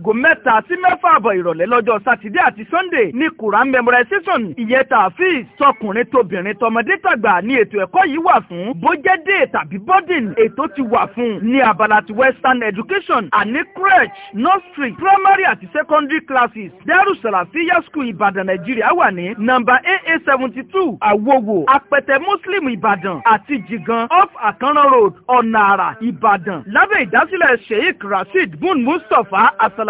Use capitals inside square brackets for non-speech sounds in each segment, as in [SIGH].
aago mẹ́ta sí mẹ́fà àbọ̀ ìrọ̀lẹ́ lọ́jọ́ sátidé àti sunday ní quran memorization ìyẹn tààfíìs tọkùnrin tóbìnrin tọmọdé tàgbà ní ètò ẹ̀kọ́ yìí wà fún bójẹ́dé tàbí boarding ètò ti wà fún ní abala ti western education àní crèche nursery primary àti secondary classes dẹ́rù sàlàfíà school ìbàdàn nàìjíríà wà ní nọ́mbà aa seventy two àwòwò apẹtẹ muslim ìbàdàn àti jigan off akanran road ọ̀nà àrà ìbàdàn lábẹ́ ìdásílẹ̀ sheikh rasheed bun mustapha asala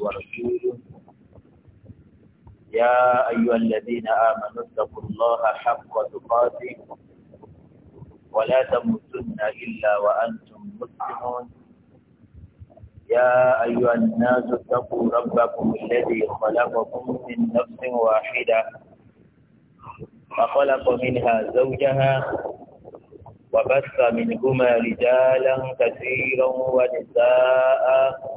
ورسوله يا أيها الذين آمنوا اتقوا الله حق تقاته ولا تموتن إلا وأنتم مسلمون يا أيها الناس اتقوا ربكم الذي خلقكم من نفس واحدة فخلق منها زوجها وبث منهما رجالا كثيرا ونساء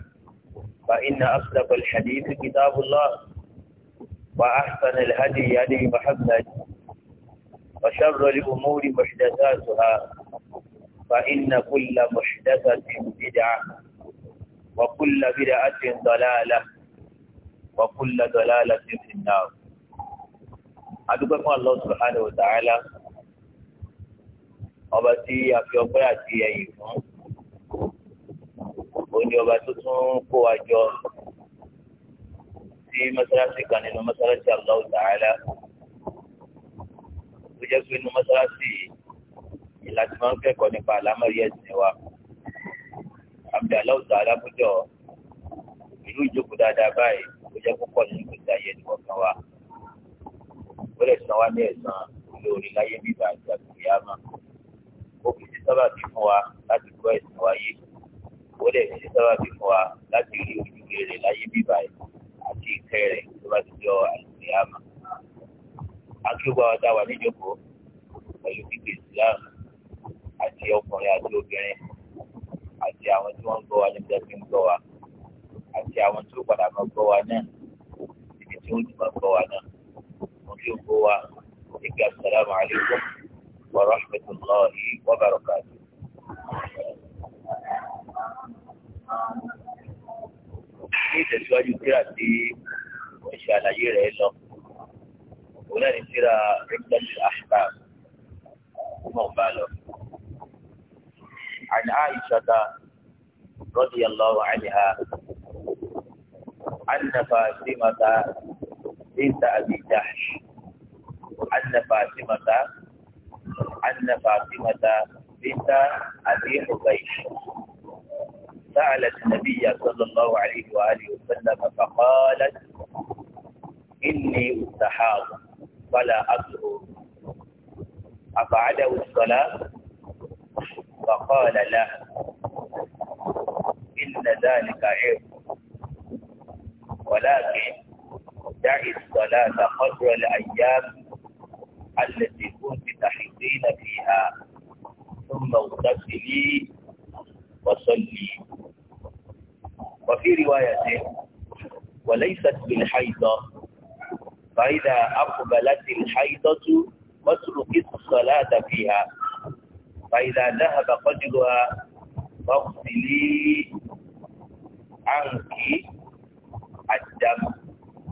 فإن أصدق الحديث كتاب الله وأحسن الهدي هدي محمد وشر الأمور محدثاتها فإن كل محدثة بدعة وكل بدعة ضلالة وكل ضلالة في النار أدعوكم الله سبحانه وتعالى ọba tí a fi ọpẹ́ òun ni ọba tó tún kó wa jọ sí mọ́sálásí kan nínú mọ́sálásí Allahu Ta'ala tó jẹ́ pé nínú mọ́sálásí ìlàjì máa ń kẹ́kọ̀ọ́ nípa àlámọ̀rí ẹ̀sìn wa àbí Allahu Ta'ala kújọ ìlú ìjókòó dáadáa báyìí tó jẹ́ púpọ̀ nínú ìgbésí ayé ẹnì kọ̀ọ̀kan wa ó lè san wá ní ẹ̀san lórí láyé bíbá àti àgbéyàmá ó fi sí sábàbí fún wa láti gbọ́ ẹ̀sìn wáyé ó lè ṣe sábà bí fún wa láti rí ojúge rẹ̀ láyé bíbá ẹ̀ àti ìkẹ́ rẹ̀ tó bá ti jọ àìsè àmà. akíwá wa dáwà níjókòó pẹ̀lú gbígbé islam àti ọkùnrin àti obìnrin àti àwọn tí wọ́n ń gbọ́ wa níbi tí ń gbọ́ wa àti àwọn tí ó padà máa gbọ́ wa náà ibi tí ó ti máa gbọ́ wa náà. mo kí o gbọ́ wa ìgbà sàlámù alaykum wa rahmatulahi wa barakatuh ní ìtẹ̀síwájú kíra tí wọ́n ṣe àlàyé rẹ̀ lọ òun náà ní kíra rẹ́pítọ́sì àṣìbá mọ̀ bá lọ. عن عائشة رضي الله عنها أن فاطمة بنت أبي جحش أن فاطمة أن فاطمة بنت سألت النبي صلى الله عليه وآله وسلم فقالت إني أستحاض فلا أطهر أقعده الصلاة فقال لا إن ذلك عيب ولكن دع الصلاة قدر الأيام التي كنت تحيطين فيها ثم اغتسلي وصلي وفي رواية وليست بالحيضة فإذا أقبلت الحيضة واتركت الصلاة فيها فإذا ذهب قدرها فاغسلي عنك الدم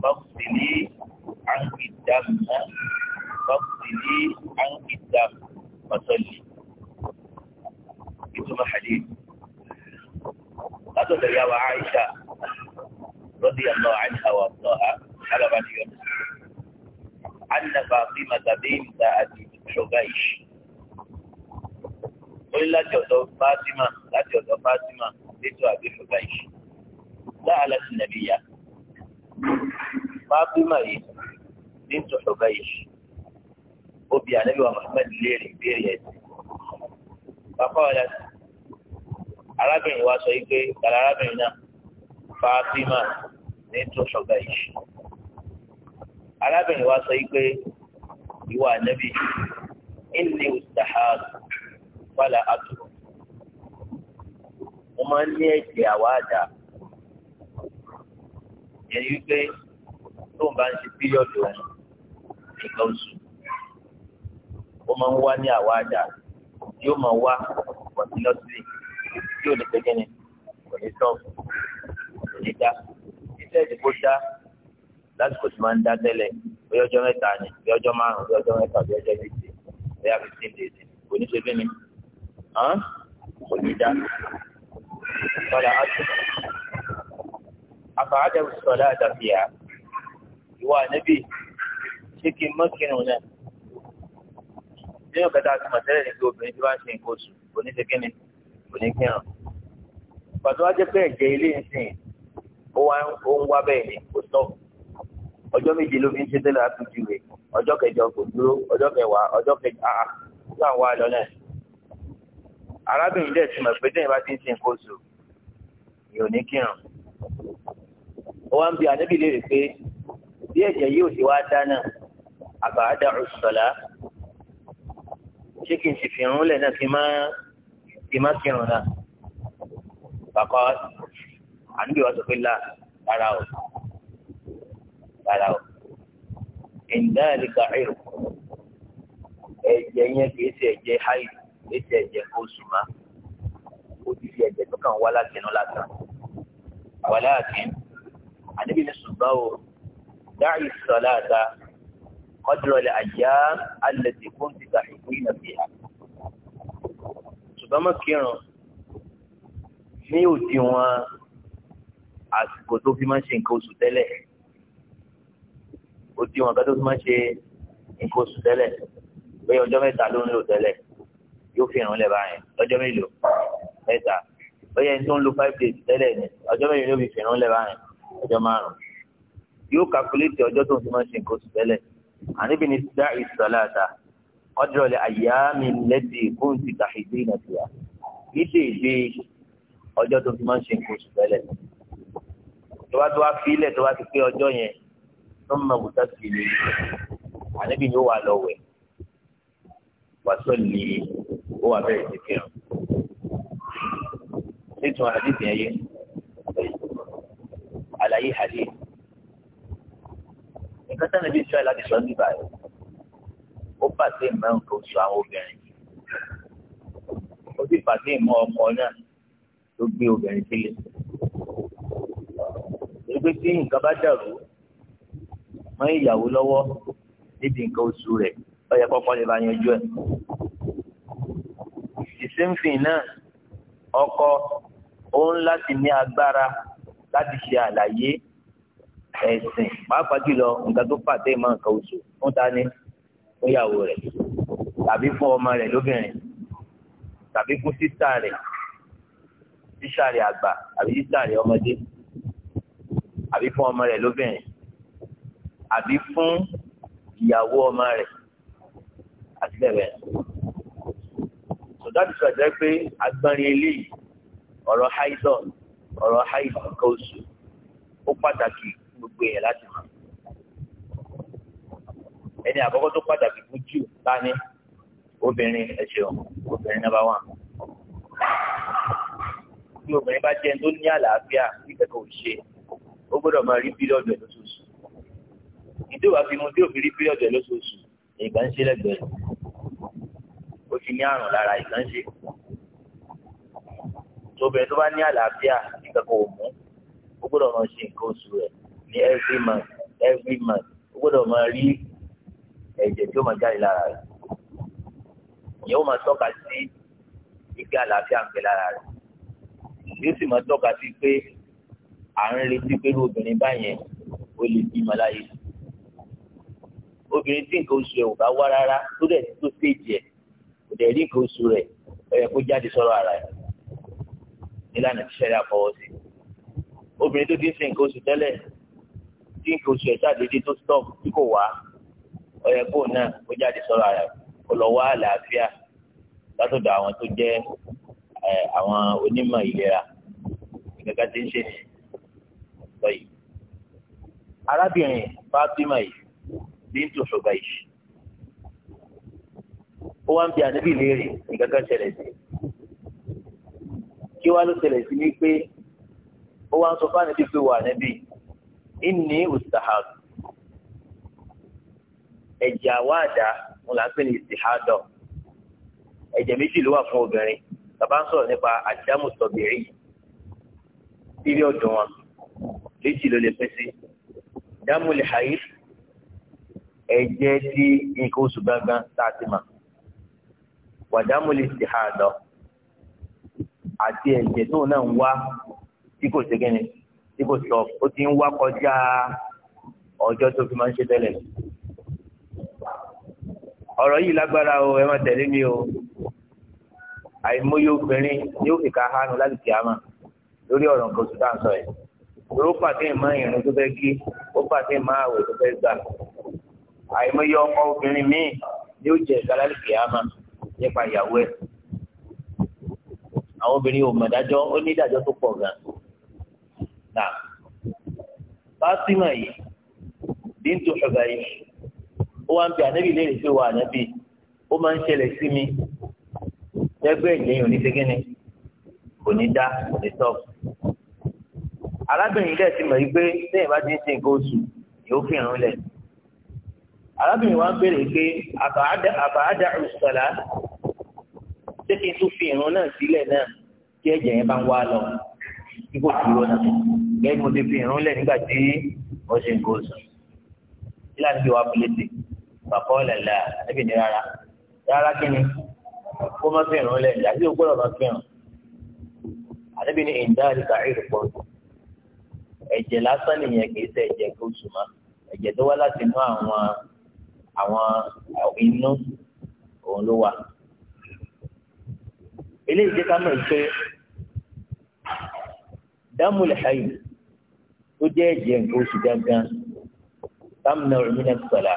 فاغسلي عنك الدم فاغسلي عنك الدم وصلي إنتم حديث látọ̀dọ̀ ìyá wa Aisha radiyallahu anha warḍaha alábà ní yọ anna Fatima bint Abi Hubaysh ó ní láti ọ̀dọ̀ Fatima láti ọ̀dọ̀ Fatima lẹ́tọ̀ Abi Hubaysh سألت النبي فاطمة بنت حبيش وبيع نبي محمد ليري بيريت فقالت arábìnrin wa sọ yìí pé kàlà arábìnrin náà Fatima ní tó sọgbà yìí arábìnrin wa sọ yìí pé ìwà ànábì ìní ìtàhàd wàlà àtò mo máa ń ní ẹ̀jẹ̀ àwáàdà yẹn wípé tóun bá ń ṣe píríọ̀dù òun nìkan oṣù ó máa ń wá ní àwáàdà yóò máa wá kọ̀tínọ́sílì tí ò ní pẹ́kẹ́ ni kò ní sọ́ọ̀fù kò ní dá iṣẹ́ ìdìbò dá lásìkò tí máa ń dá tẹ́lẹ̀ bí ọjọ́ mẹ́ta ni bí ọjọ́ márùn-ún bí ọjọ́ mẹ́ta bí ọjọ́ méje bí a fi ti ń dèjì kò ní ṣe bí ni kò ní dá sọ́dà áṣù àfàádà sọ́dà àdàfíà ìwà níbi ṣé kí n náà nínú kẹta àti màtẹ́rẹ̀ ni pé obìnrin tí wọ́n ń ṣe nǹkan oṣù kò ní ṣe kí ni kò ní fi hàn pàtó wá jẹ́ pé ẹ̀jẹ̀ ilé ìsìn ó wá ń wá bẹ́ẹ̀ ni kò sọ ọjọ́ méje ló fi ń ṣe tẹ́lẹ̀ àtúntì rẹ̀ ọjọ́ kẹjọ kò dúró ọjọ́ kẹwàá ọjọ́ kẹjọ àà nígbà wà lọ náà arábìnrin dẹ̀ ti mọ̀ pé tẹ́yìn bá ti ń sin nǹkan oṣù yóò ní kírun ó wá ń bi ànábì léèrè pé bí ẹ̀jẹ̀ yóò ti wá dáná àbáadà ọ̀ṣọ́lá ṣé kí n sì fi irun lẹ̀ náà kí n máa ìmọ̀ kírun náà kàkọ́ àníbi wọ́n sọ pé là rárá o rárá o ìdá ìlíkà ẹ̀rù ẹ̀jẹ̀ yẹn kìí ṣe ẹ̀jẹ̀ háì kìí ṣe ẹ̀jẹ̀ oṣù má ó ti ṣe ẹ̀jẹ̀ tó kàn wá láti inú lásán wàlá àti àníbi ní ṣùgbọ́n o dáì sọ̀lá àdá kọ́dúrọ̀lẹ̀ àjá alẹ́ tí kò ti gbà ìkú ìnà sí ha ṣùgbọ́n mọ̀ kírun ní òdiwọ̀n àsìkò tó fi máa ń ṣe nǹkan oṣù tẹ́lẹ̀ òdiwọ̀n kan tó fi máa ń ṣe nǹkan oṣù tẹ́lẹ̀ pé ọjọ́ mẹ́ta ló ń lò tẹ́lẹ̀ yóò fi hàn lẹ́ba yẹn lọ́jọ́ mélòó mẹ́ta bóyá ẹni tó ń lo five days tẹ́lẹ̀ ni ọjọ́ mélòó ló fi fi hàn lẹ́ba yẹn ọjọ́ márùn yóò kàkúlẹ̀tì ọjọ́ tó fi máa ń ṣe nǹkan oṣù tẹ́lẹ̀ àníbi ni dá ìsọ̀lá ta ọjọ́ lè àyà mi lẹ́dí kóun ti tàhídé nàìjíríà kì í ṣe èdè ọjọ́ tó fi máa ń ṣe nǹkan oṣù tẹ́lẹ̀ tó bá tó wá fi ilẹ̀ tó bá ti pé ọjọ́ yẹn tó ń mọ̀gùn tó ti lè ànábì ni ó wà lọ wàásù lè ó wà bẹ̀rẹ̀ sí fi hàn nítorí àdìsí ẹ̀yẹ àlàyé àdìsí nǹkan tẹ́lẹ̀ bí sọ́ọ̀ láti sọ́ọ́ níbàyẹn ó pàṣẹ ìmọ̀ nǹkan oṣù àwọn obìnrin ó sì pàṣẹ ìmọ̀ ọkọ náà tó gbé obìnrin sílẹ̀ pé tí nǹkan bá dàrú mọ́ ìyàwó lọ́wọ́ níbi nǹkan oṣù rẹ̀ ó yẹ kọ́kọ́ lè bá yanjú ẹ̀. ìsínfìn náà ọkọ òun láti ní agbára láti ṣe àlàyé ẹ̀sìn pàápàá jùlọ nǹkan tó pàtẹ́ mọ́ nǹkan oṣù fún ta ni fúnyàwó rẹ̀ tàbí fún ọmọ rẹ̀ lóbìnrin tàbí fún sísá rẹ̀ sísá rẹ̀ àgbà àbí sísá rẹ̀ ọmọdé àbí fún ọmọ rẹ̀ lóbìnrin àbí fún ìyàwó ọmọ rẹ̀ àti bẹ́ẹ̀ bẹ́ẹ̀ sọdáàtì sọdẹ pé agbọnrin eléyìí ọ̀rọ̀ haidọ ọ̀rọ̀ haidọ nǹkan ó pàtàkì gbogbo yẹn láti mọ ẹni àkọ́kọ́ tó pàtàkì fún jù tani obìnrin ẹ ṣeun obìnrin náà bá wà tí obìnrin bá jẹun tó ní àlàáfíà nígbàgbọ́ òṣè ó gbọ́dọ̀ máa rí bílíọ̀dù ẹ̀ lóṣooṣù ìdíwà fi mu tí òfin rí bílíọ̀dù ẹ̀ lóṣooṣù ìgbà ń ṣe lẹ́gbẹ̀ẹ́ ó ti ní àrùn lára ìgbà ń ṣe tó obìnrin tó bá ní àlàáfíà nígbàgbọ́ òmù ó gbọ́dọ̀ máa ṣe nǹkan oṣù rẹ̀ ní every month every month ó gbọ́dọ̀ máa rí ẹ̀jẹ̀ tí ó máa jáde lára rẹ̀ ìyẹn ó máa tọ́ka sí igi àlàáfíà ń bẹ lára rẹ̀ yóò sì máa tọ́ka sí pé à ń retí pé obìnrin báyẹn ó lè bímọ láyé obìnrin tí nǹkan oṣù rẹ̀ ò bá wá rárá tó dẹ̀ tó séèjì ẹ̀ kò dẹ̀ rí nǹkan oṣù rẹ̀ ó yẹ kó jáde sọ̀rọ̀ ara ẹ̀ nílànà tí sẹ́yà fọwọ́ sí obìnrin tó ti ń sin nǹkan oṣù tẹ́lẹ̀ tí nǹkan oṣù ẹ̀ ṣàdédé tó stop tí kò wá ọyẹ kó náà ó jáde sọ̀rọ̀ ara ó lọ wá àlàáfíà látọ̀dọ̀ àwọn tó jẹ́ àwọn onímọ̀ ìlera gẹ́gẹ́ tí ń ṣe ní sọ yìí. arábìnrin Fatima yìí bintu Hubaysh ó wá ń bi ànábì léèrè nǹkan kan ṣẹlẹ̀ sí kí wá ló ṣẹlẹ̀ sí ni pé ó wá ń sọ fún ànábì pé wà ànábì inni ustahab ẹ̀jẹ̀ àwáàdá mo là ń pè ní ìsìhádọ̀ ẹ̀jẹ̀ méjì ló wà fún obìnrin bàbá ń sọ̀rọ̀ nípa àdámù sọ̀bìrì bíbí ọ̀dùn wọn méjì ló lè pín sí dámù lè hàyí ẹ̀jẹ̀ tí nǹkan oṣù gangan tá a ti mà lè ìsìhádọ̀ àti ẹ̀jẹ̀ tóun náà ń wá tí kò ṣe kí ni tí kò sọ ó ti ń wá kọjá ọjọ́ tó fi máa ń ṣe tẹ́lẹ̀ lọ ọ̀rọ̀ yìí lágbára o ẹ má tẹ̀lé mi o àìmọye obìnrin yóò fi ká hánu láti kí a mà lórí ọ̀rọ̀ nǹkan oṣù táà ń sọ yìí lóró pàtẹ́ ìmọ̀ ìrìn tó fẹ́ kí ó pàtẹ́ ìmọ̀ àwẹ̀ tó fẹ́ gbà àìmọye ọkọ obìnrin míì yóò jẹ ìgbàlálì kìámà nípa ìyàwó ẹ̀ àwọn obìnrin ò mọ̀dájọ́ ó ní ìdájọ́ tó pọ̀ gan nà Fátímà yìí bíntu Hubaysh yìí ó wá ń bi ànábì léèrè pé wà ànábì ó máa ń ṣẹlẹ̀ sí mi lẹ́gbẹ́ ìjẹyìn oníṣẹ́gẹ́ni kò ní dá kò ní tọ́. arábìnrin dẹ̀ ti mọ̀ yí pé lẹ́yìn bá ti ń sin nǹkan oṣù yóò fi hàn lẹ̀. arábìnrin wa ń béèrè pé àbáàdà ìṣọ̀lá ṣé kí n tún fi ìrún náà sílẹ̀ náà kí ẹ̀jẹ̀ yẹn bá ń wá lọ kí kò dúró náà gẹ́gẹ́ mo ti fi ìrún lẹ̀ nígbà tí wọ́n ṣe nǹkan oṣù. ìlànà ìwà fúlẹ́tì bàbá ọ̀lẹ̀lẹ̀ ẹbí ni rárá rárá kí ni kó má fi hàn lẹ̀ àbí o gbọ́dọ̀ má fi hàn àdébí ni ìdá àdìgbà ìrù pọ̀ ẹ̀jẹ̀ lásán nìyẹn kì í ṣe ẹ̀jẹ̀ kó sùnmọ́ ẹ̀jẹ̀ tó wá láti inú àwọn àwọn inú òun ló wà eléyìí jẹ́ ká mọ̀ pé dámúlẹ̀ ayù tó jẹ́ ẹ̀jẹ̀ nǹkan oṣù gángan dámúlẹ̀ òmìnira sọ̀la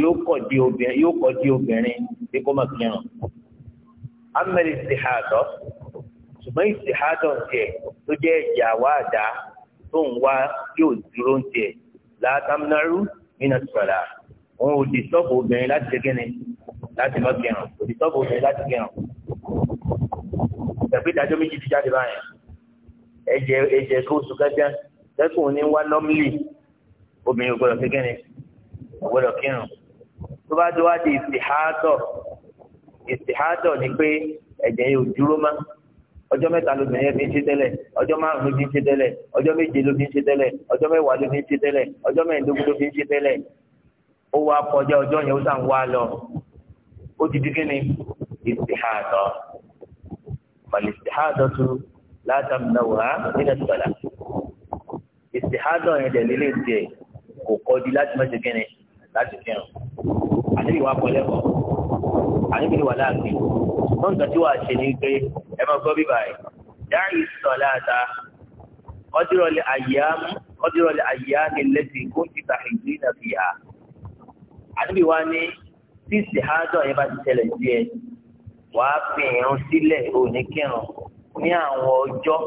yóò kọ̀ di obìnrin yóò kọ̀ di obìnrin bí kò máa kírun amẹ́rì ìsìhàdọ́ ṣùgbọ́n ìsìhàdọ́ tiẹ̀ tó jẹ́ ẹ̀jẹ̀ àwáàdá tó ń wá yóò dúró tiẹ̀ látàmúnárú nínú sọ̀rọ̀ òun ò di sọ́ọ̀bù obìnrin láti ṣe kíni láti má kírun ò di sọ́ọ̀bù obìnrin láti kírun tẹ̀pẹ́ ìdájọ́ méjì ti jáde báyẹn ẹ̀jẹ̀ ẹ̀jẹ̀ kó oṣù kẹjẹ tẹ́kùn ní wá nọ́mìlì obìnrin ò gbọ́dọ̀ ṣe ò gbọ́dọ̀ kírun. tó bá tó wá di ìsìhátọ̀ ìsìhátọ̀ ni pé ẹ̀jẹ̀ yóò dúró má ọjọ́ mẹ́ta lóbìnrin yẹn fi ń ṣe tẹ́lẹ̀ ọjọ́ márùn-ún ló ń ṣe tẹ́lẹ̀ ọjọ́ méje ló ń ṣe tẹ́lẹ̀ ọjọ́ mẹ́wàá ló ń ṣe tẹ́lẹ̀ ọjọ́ ló ń ṣe tẹ́lẹ̀ ó wá kọjá ọjọ́ yẹn ó sàn wá lọ ó ti di ìsìhátọ̀ tó láti kírun àdébí wa kọ lẹ́kọ̀ọ́ àdébí wà láàfin tó ń tọ́jú wa ṣe ni pé ẹ máa gbọ́ bíbá ẹ̀ dáì sọ̀láta ọdírọ̀lẹ̀ àyà ọdírọ̀lẹ̀ àyà ni lẹ́sìn kó ti ta ìlú náà fi hà àdébí wa ní tí ìsìnkájọ́ yẹn bá ti ṣẹlẹ̀ sí ẹ wàá fi irun sílẹ̀ òní kírun ní àwọn ọjọ́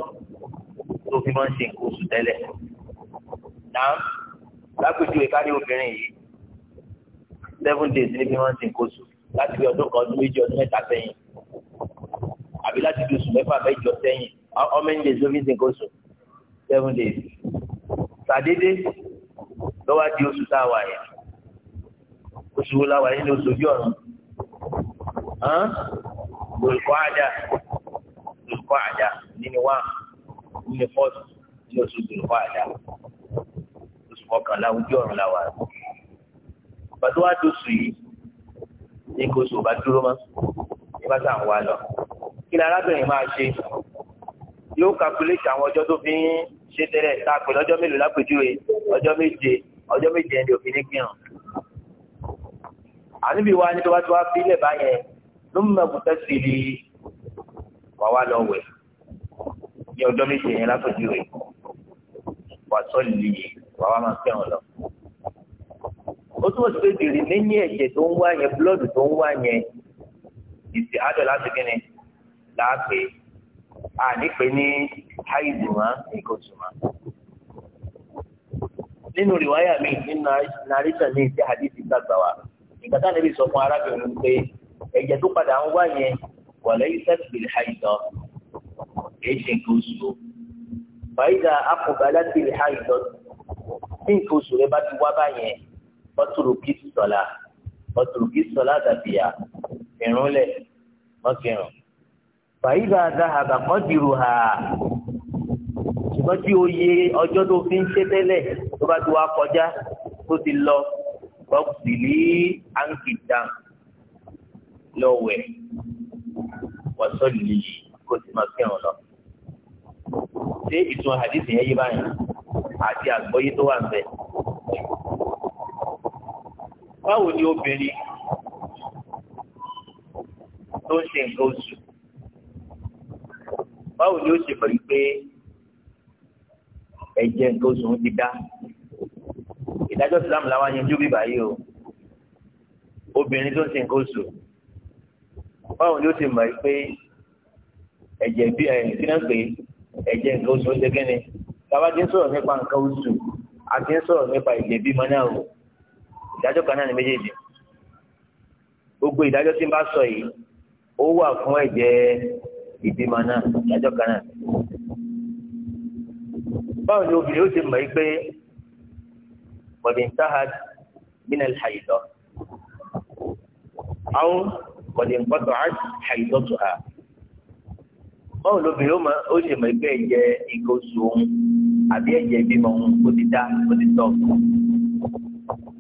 tó fi máa ń ṣe nǹkan oṣù tẹ́lẹ̀ náà lápèjúwe ká obìnrin yìí seven days níbi wọ́n ti ń kóso láti fi ọdún kan ọdún méjì ọdún mẹ́ta sẹ́yìn àbí láti fi oṣù mẹ́fà mẹ́jọ sẹ́yìn how many days ló fi ń ti ń kóso seven days sàdédé lọ́wọ́ di oṣù tá a wà yẹn oṣù wo la wà yẹn ní oṣù ojú ọ̀run olùkọ́ àjà olùkọ́ àjà nínú wa nínú fọ́ọ̀tù ní oṣù olùkọ́ àjà oṣù kọkànlá ojú ọ̀run la wà yẹn ìgbà tó wá dosù yìí ní kò sùn bá dúró mọ́ ní bá sàn wá lọ kí ni arábìnrin máa ṣe yóò kakuléètì àwọn ọjọ́ tó fi ń ṣe tẹ́lẹ̀ tá a pè lọ́jọ́ mélòó lápèjúwe ọjọ́ méje ọjọ́ méje ẹni òfin ní gbìyàn àníbi wa ní tó bá ti wá fi ilẹ̀ báyẹn ló ń mẹ́kù tẹ́sí rí wà wá lọ wẹ̀ ní ọjọ́ méje yẹn lápèjúwe wà sọ́ọ̀lì yìí wà wá máa fẹ́ràn lọ ó túmọ̀ sí pé dèrè lẹ́yìn ẹ̀jẹ̀ tó ń wá yẹn blood tó ń wá yẹn ìsì àádọ́ láti kí ni láàpẹ́ àdìpẹ́ ní àìdùnmá ìkọ̀tùmá. nínú rìwáyà mi nínú narration ní ìsì àdìsí gbàgbà wa ìgbà táwọn ẹbí sọ fún arábìnrin pé ẹ̀jẹ̀ tó padà ń wá yẹn wà lẹ́yìn sẹ́tìbìlì àìdọ́ kì í ṣe nǹkan oṣù fàyídà akọ̀bálá tìlì àìdọ́ tí nǹkan oṣù rẹ bá ti wá báyẹn mọ́tòròkì sọ̀la mọ́tòròkì sọ̀la tàbíyà ìrúnlẹ̀ mọ́kìrùn. fàyíbà dáhàbà kan dìrò hà ṣùgbọ́n tí o yẹ ọjọ́ tó fi ń ṣe tẹ́lẹ̀ tó bá ti wá kọjá tó ti lọ bọ́ọ̀sì lé àǹkìtàn lọ́wẹ̀ wọ́sọ̀lì kó ti máa kírun lọ. ṣé ìtumọ̀ hadith yẹn yé báyìí àti àgbọ́yé tó wà ń bẹ̀ báwo ni obìnrin tó ń ṣe nǹkan oṣù báwo ni ó ṣe pẹ̀lú pé ẹ̀jẹ̀ nǹkan oṣù ń ti dá ìdájọ́ Islam làwọn yanjú bí báyìí o obìnrin tó ń ṣe nǹkan oṣù báwo ni ó ṣe mọ̀ pé ẹ̀jẹ̀ bí ẹ̀ kí náà pé ẹ̀jẹ̀ nǹkan oṣù ń ṣe kí ni bàbá ti ń sọ̀rọ̀ nípa nǹkan oṣù àti ń sọ̀rọ̀ nípa ìjẹ̀bímọ náà o ìdájọ́ kan náà ni méjèèjì gbogbo ìdájọ́ tí n bá sọ yìí ó wà fún ẹ̀jẹ̀ ìbímọ náà ìdájọ́ kan náà báwo ni obìnrin ó ti mọ̀ yìí pé kọ̀dìntàhàd min al-haydọ̀ àwọn kọ̀dìntàhàd haydọ̀ tó ha báwo lóbìnrin ó máa ó ṣe mọ̀ pé ẹ̀jẹ̀ ìkóso àbí ẹ̀jẹ̀ ìbímọ ó ti dá ó ti tọ̀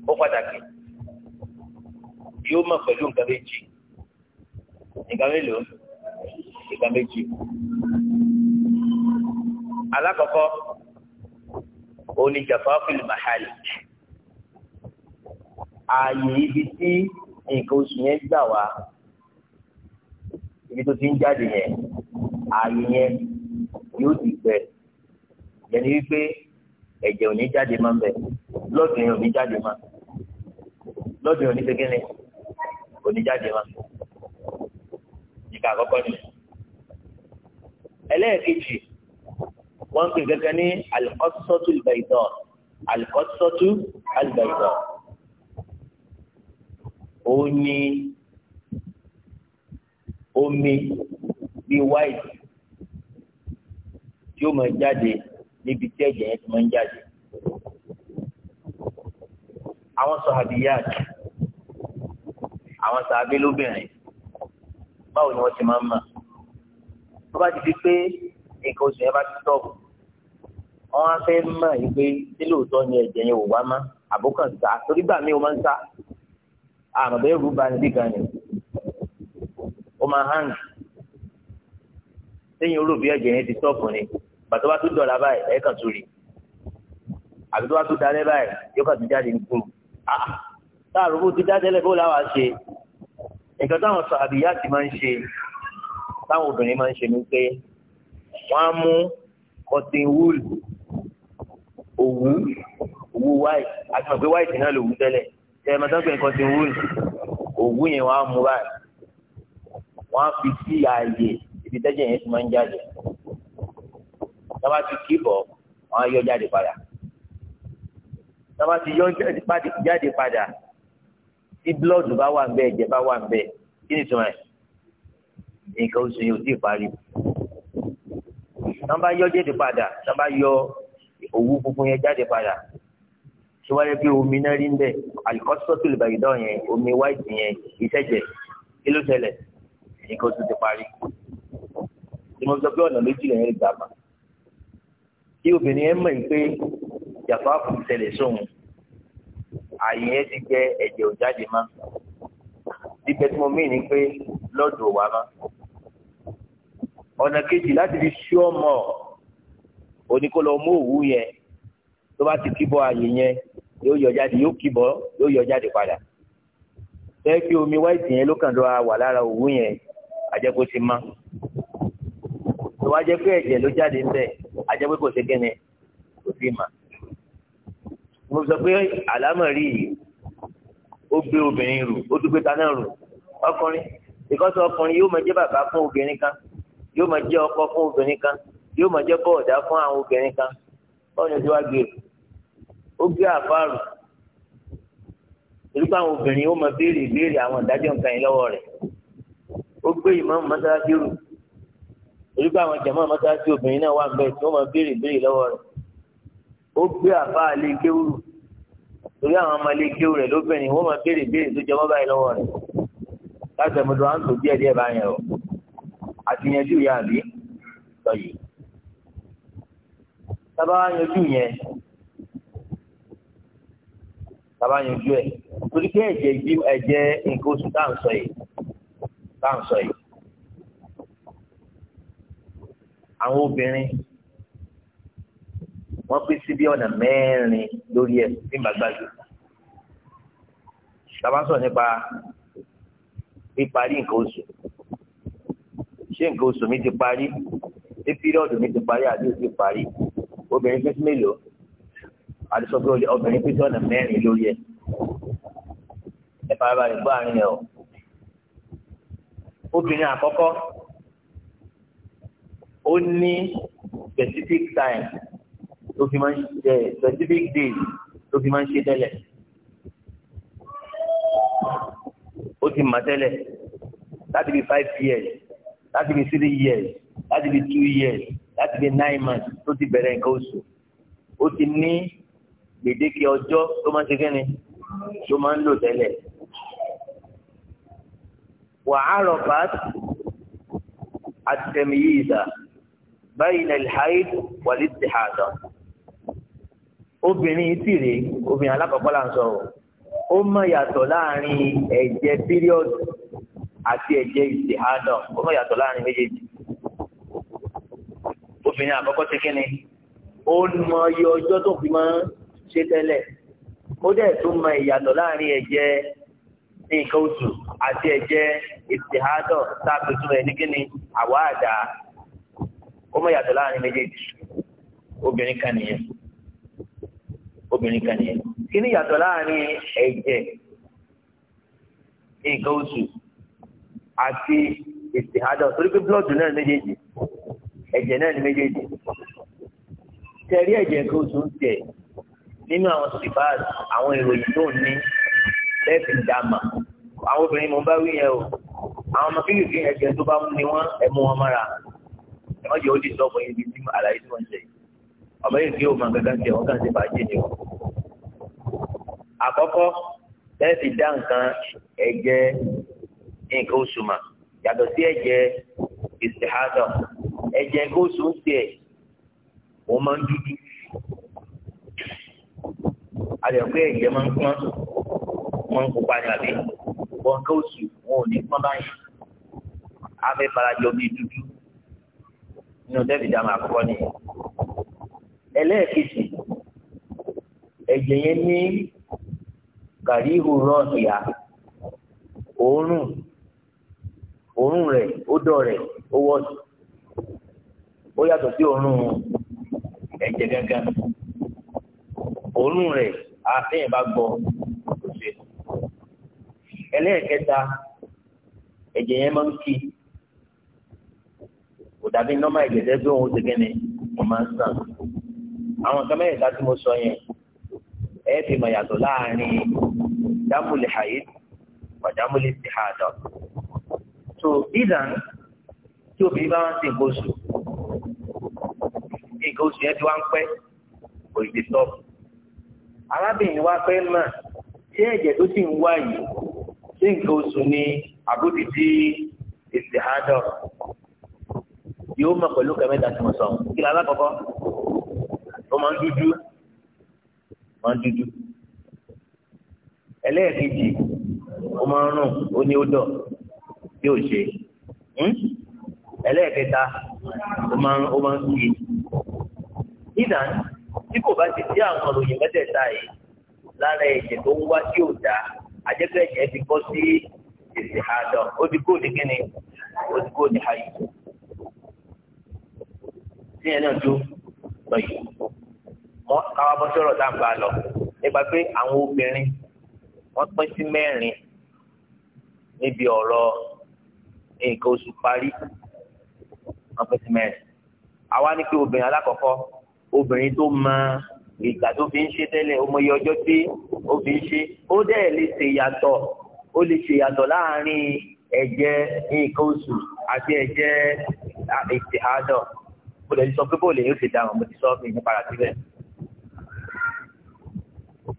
ó pàtàkì yóò mọ̀ pẹ̀lú nǹkan méjì nǹkan mélòó nǹkan méjì alákọ̀ọ́kọ́ oníjàfà fìlì màhálì ààyè ibi tí nǹkan oṣù yẹn gbà wá ibi tó ti ń jáde yẹn ààyè yẹn yóò ti gbẹ yẹn ni wípé ẹ̀jẹ̀ ò ní jáde máa ń bẹ̀ lọ́ọ̀dù yẹn ò ní jáde máa ń bẹ̀ lóde òní ṣe kíni oníjáde wa ìka àkọ́kọ́ ni ẹlẹ́ẹ̀kejì wọ́n ń pè gẹ́gẹ́ ní alikọ́sọ́tù ìbẹ̀yìtọ̀ alikọ́sọ́tù ìbẹ̀yìtọ̀ ó ní omi bíi white tí ó máa jáde níbi tí ẹ̀jẹ̀ yẹn ti máa ń jáde àwọn sọ̀hàbíyáàtì àwọn sàbí lóbìnrin báwo ni wọ́n ti máa ń mọ̀ tó bá ti di pé nǹkan oṣù yẹn bá ti tọ̀bù wọ́n á fẹ́ mọ̀ yìí pé nílòótọ́ ni ẹ̀jẹ̀ yẹn ò wá mọ́ àbókàn sá torí gbà mí o máa ń sá àmọ́ bẹ́ẹ̀ rú bani bí gan ni ó máa hàn sẹ́yìn olú bí ẹ̀jẹ̀ yẹn ti tọ̀bù ni bàtà bá tún dọ̀la báyìí ẹ̀ kàn tún rí àbí tó bá tún dalẹ̀ báyìí yóò kàn tún jáde ní kúrò ah! táàrùkú ti dádẹ́lẹ̀ bó láwàá ṣe nǹkan táwọn sàbíyá ti máa ń ṣe táwọn obìnrin máa ń ṣe ni pé wọ́n á mú cotton wool òwú òwú white àti mọ̀ pé white náà lòwú tẹ́lẹ̀ tẹ́lẹ̀ máa tọ́pẹ́ cotton wool òwú yẹn wọ́n á mú báyìí wọ́n á fi sí ààyè ibi tẹ́jẹ̀ yẹn ti máa ń jáde tábà ti kíbọ̀ wọ́n á yọ jáde padà tábà ti yọ jáde padà tí blọọdù bá wà nbẹ ẹ̀jẹ̀ bá wà nbẹ kí ni tún ẹ nǹkan oṣù yìí ò tí ì parí tán bá yọ jáde padà tán bá yọ òwú funfun yẹn jáde padà tí wáyé pé omi náà rí nbẹ alikọsọtò lè bàyìí dán yẹn omi wáìtì yẹn ìṣẹ̀jẹ̀ kí ló ṣẹlẹ̀ nǹkan oṣù ti parí tí mo sọ pé ọ̀nà méjì lẹ́yìn ìgbà mà kí obìnrin yẹn mọ̀ yìí pé yàtọ̀ àpò ìṣẹ̀lẹ̀ sóhun ààyè yẹn ti gbẹ ẹ̀jẹ̀ ò jáde mọ́ ibẹ̀ tí mo mí ni pé lọ́dọ̀ wá mọ́ ọ̀nà kejì láti fi ṣú ọmọ oníkólọ mú òwú yẹn tó bá ti kíbọ ààyè yẹn yóò yọ jáde yóò kíbọ yóò yọ jáde padà bẹ́ẹ̀ kí omi wáìtì yẹn ló kàn lọ wà lára òwú yẹn àjẹkó ti mọ́ tó wá jẹ́ pé ẹ̀jẹ̀ ló jáde ń bẹ̀ àjẹpé kò ṣe kẹ́ni kò sí mà mo sọ pé àlámọ̀rí yìí ó gbé obìnrin rù ó dúpẹ́ ta náà rù ọkùnrin ìkọ́sọ ọkùnrin yóò máa jẹ́ bàbá fún obìnrin kan yóò máa jẹ́ ọkọ fún obìnrin kan yóò máa jẹ́ bọ́ọ̀dá fún àwọn obìnrin kan bọ́ọ̀nù tí wàá gbé ó gbé àfárù torí pé àwọn obìnrin ó máa béèrè ìbéèrè àwọn ìdájọ́ nǹkan yìí lọ́wọ́ rẹ̀ ó gbé ìmọ̀ọ́mù mọ́sálásí rù torí àwọn jàmáà mọ́sálásí obìnrin náà wà ń bẹ̀ tí wọ́n máa béèrè ìbéèrè lọ́wọ́ rẹ̀ ó gbé àfáà lé kéwúrú torí àwọn ọmọ ilé kéwù rẹ̀ lóbìnrin wọ́n máa béèrè béèrè tó jẹ mọ́ báyìí lọ́wọ́ rẹ̀ láti ẹ̀mọ́tò à ń tò díẹ̀ díẹ̀ báyẹn o àti yanjú ìyá àbí lọ́yìí. tábà yanjú yẹn tábà yanjú ẹ̀ torí pé ẹ̀jẹ̀ ìbí ẹ̀jẹ̀ nǹkan oṣù tá à ń sọ yìí tá à ń sọ yìí àwọn obìnrin wọ́n pín sí bí ọ̀nà mẹ́rin lórí ẹ̀ ní gbàgbàgbé tàbá sọ̀rọ̀ nípa píparí nǹkan oṣù ṣé nǹkan oṣù mi ti parí ṣé píríọ̀dù mi ti parí àbí ó ti parí obìnrin pín sí mélòó àdìsọ pé obìnrin pín sí ọ̀nà mẹ́rin lórí ẹ̀ ẹ farabalẹ̀ gbọ́ àárín ẹ̀ o obìnrin àkọ́kọ́ ó ní specific time ló fi máa ń ṣe eh, specific day ló fi máa ń ṣe tẹ́lẹ̀ ó ti mà tẹ́lẹ̀ láti bí five years láti bí three years láti bí two years láti bí nine months tó ti bẹ̀rẹ̀ nǹkan oṣù ó ti ní gbèdéke ọjọ́ tó máa ń ṣe kẹ́ni tó máa ń lò tẹ́lẹ̀ wàhálà bàt àtẹ̀míyìí dà báyìí nà ìhàyè wàlí ti hà dàn obìnrin sì rè obìnrin alákọ̀ọ́kọ́ là ń sọ ó mọ̀ yàtọ̀ láàrin ẹ̀jẹ̀ píríọ̀dù àti ẹ̀jẹ̀ ìṣèhádọ̀ ó mọ̀ yàtọ̀ láàrin méjèèjì obìnrin àkọ́kọ́ ti kí ni ó mọ iye ọjọ́ tó fi máa ṣe tẹ́lẹ̀ ó dẹ̀ tún mọ ìyàtọ̀ láàrin ẹ̀jẹ̀ nǹkan oṣù àti ẹ̀jẹ̀ ìṣèhádọ̀ sáàpì rẹ̀ ní kí ni àwọ̀ àdá ó mọ̀ yàtọ̀ láàrin méjèèjì obìnrin kan nìyẹn obìnrin kan yẹn kí ni yàtọ̀ láàrin ẹ̀jẹ̀ nǹkan oṣù àti ìsìnkádà torí pé blọọdù náà méjèèjì ẹ̀jẹ̀ náà ní méjèèjì tẹ̀rí ẹ̀jẹ̀ nǹkan oṣù ń tẹ̀ nínú àwọn sìbáàs àwọn ìròyìn tó ní lẹ́ẹ̀fì dàmà àwọn obìnrin mo bá wí yẹn o àwọn ọmọ kékeré ẹ̀jẹ̀ tó bá mú ni wọ́n ẹ̀mú wọn mára wọ́n jẹ́ ó lè sọ ọkùnrin ibi tí àlàyé tí wọ́n ń ṣe ọ̀bẹ yìí kí o máa gàgà tiẹ̀ wọ́n kàn ṣe bàjẹ́ ni o. àkọ́kọ́ lẹ́ẹ̀fì dá nǹkan ẹ̀jẹ̀ nǹkan oṣù mà yàtọ̀ sí ẹ̀jẹ̀ ìṣèhádọ̀ ẹ̀jẹ̀ nǹkan oṣù ń tiẹ̀ wọ́n máa ń dúdú. alẹ́ pé ẹ̀jẹ̀ máa ń pọ́n wọ́n ń pupa ní àbí wọ́n nǹkan oṣù wọn ò ní pọ́n báyìí afẹ́ farajọ bíi dúdú nínú lẹ́ẹ̀fì máa kọ́ nìyẹn. ẹlẹ́ẹ̀kejì ẹ̀jẹ̀ yẹn ní kàríhù rọ́ọ̀tì òórùn òórùn rẹ̀ ódọ̀ rẹ̀ ó wọ́ọ̀tì ó yàtọ̀ sí òórùn ẹ̀jẹ̀ gángan òórùn rẹ̀ àtẹ̀yìn bá gbọ́ kò ẹlẹ́ẹ̀kẹta ẹ̀jẹ̀ yẹn máa ń kí kò dàbí nọ́mà ṣe kẹ́ni àwọn nǹkan mẹ́rẹ̀ẹ́ta tí mo sọ yẹn ẹ ti mọ̀ yàtọ̀ láàrin dámúlẹ̀ hayid wà dámúlẹ̀ tìhádọ̀ so ìdàn tí obìnrin bá wá sí nǹkan oṣù nǹkan oṣù yẹn ti wá ń pẹ́ kò ì arábìnrin wa fẹ́ mọ̀ ṣé ẹ̀jẹ̀ tó sì ń wá yìí ṣé nǹkan oṣù ni àbúrò tí ìsìhádọ̀ yóò mọ̀ pẹ̀lú kẹ́mẹ́ta tí mo sọ kí lálákọ̀ọ́kọ́ ó máa ń dúdú máa ń dúdú ẹlẹ́ẹ̀kejì ó máa ń rùn ó ní ó dọ̀ tí ò ṣe hmm? ẹlẹ́ẹ̀kẹta ó máa ń ó máa ń kí ìdá tí kò bá ti dé àwọn òròyìn mẹ́tẹ̀ẹ̀ta yìí lára ẹ̀jẹ̀ tó ń wá tí ò dáa àjẹpẹ́ ẹ̀jẹ̀ ti bọ́ sí èsì àádọ́ ó ti kó ní kíni ó ti kó ní ayò tí ẹ náà tó lọ káwá bọ́ sọ̀rọ̀ tá à ń bá a lọ nípa pé àwọn obìnrin wọ́n pín sí mẹ́rin níbi ọ̀rọ̀ nǹkan oṣù parí wọ́n pín sí mẹ́rin àwa ní pé obìnrin alákọ̀ọ́kọ́ obìnrin tó mọ ìgbà tó fi ń ṣe tẹ́lẹ̀ ó mọ iye ọjọ́ tí ó fi ń ṣe ó dẹ̀ lè ṣe ìyàtọ̀ ó lè ṣe ìyàtọ̀ láàárín ẹ̀jẹ̀ nǹkan oṣù àti ẹ̀jẹ̀ ìṣèhádọ̀ mo lè sọ pé bóòlù yóò ṣe dáhùn mo ti sọ fún ìyípadà síbẹ̀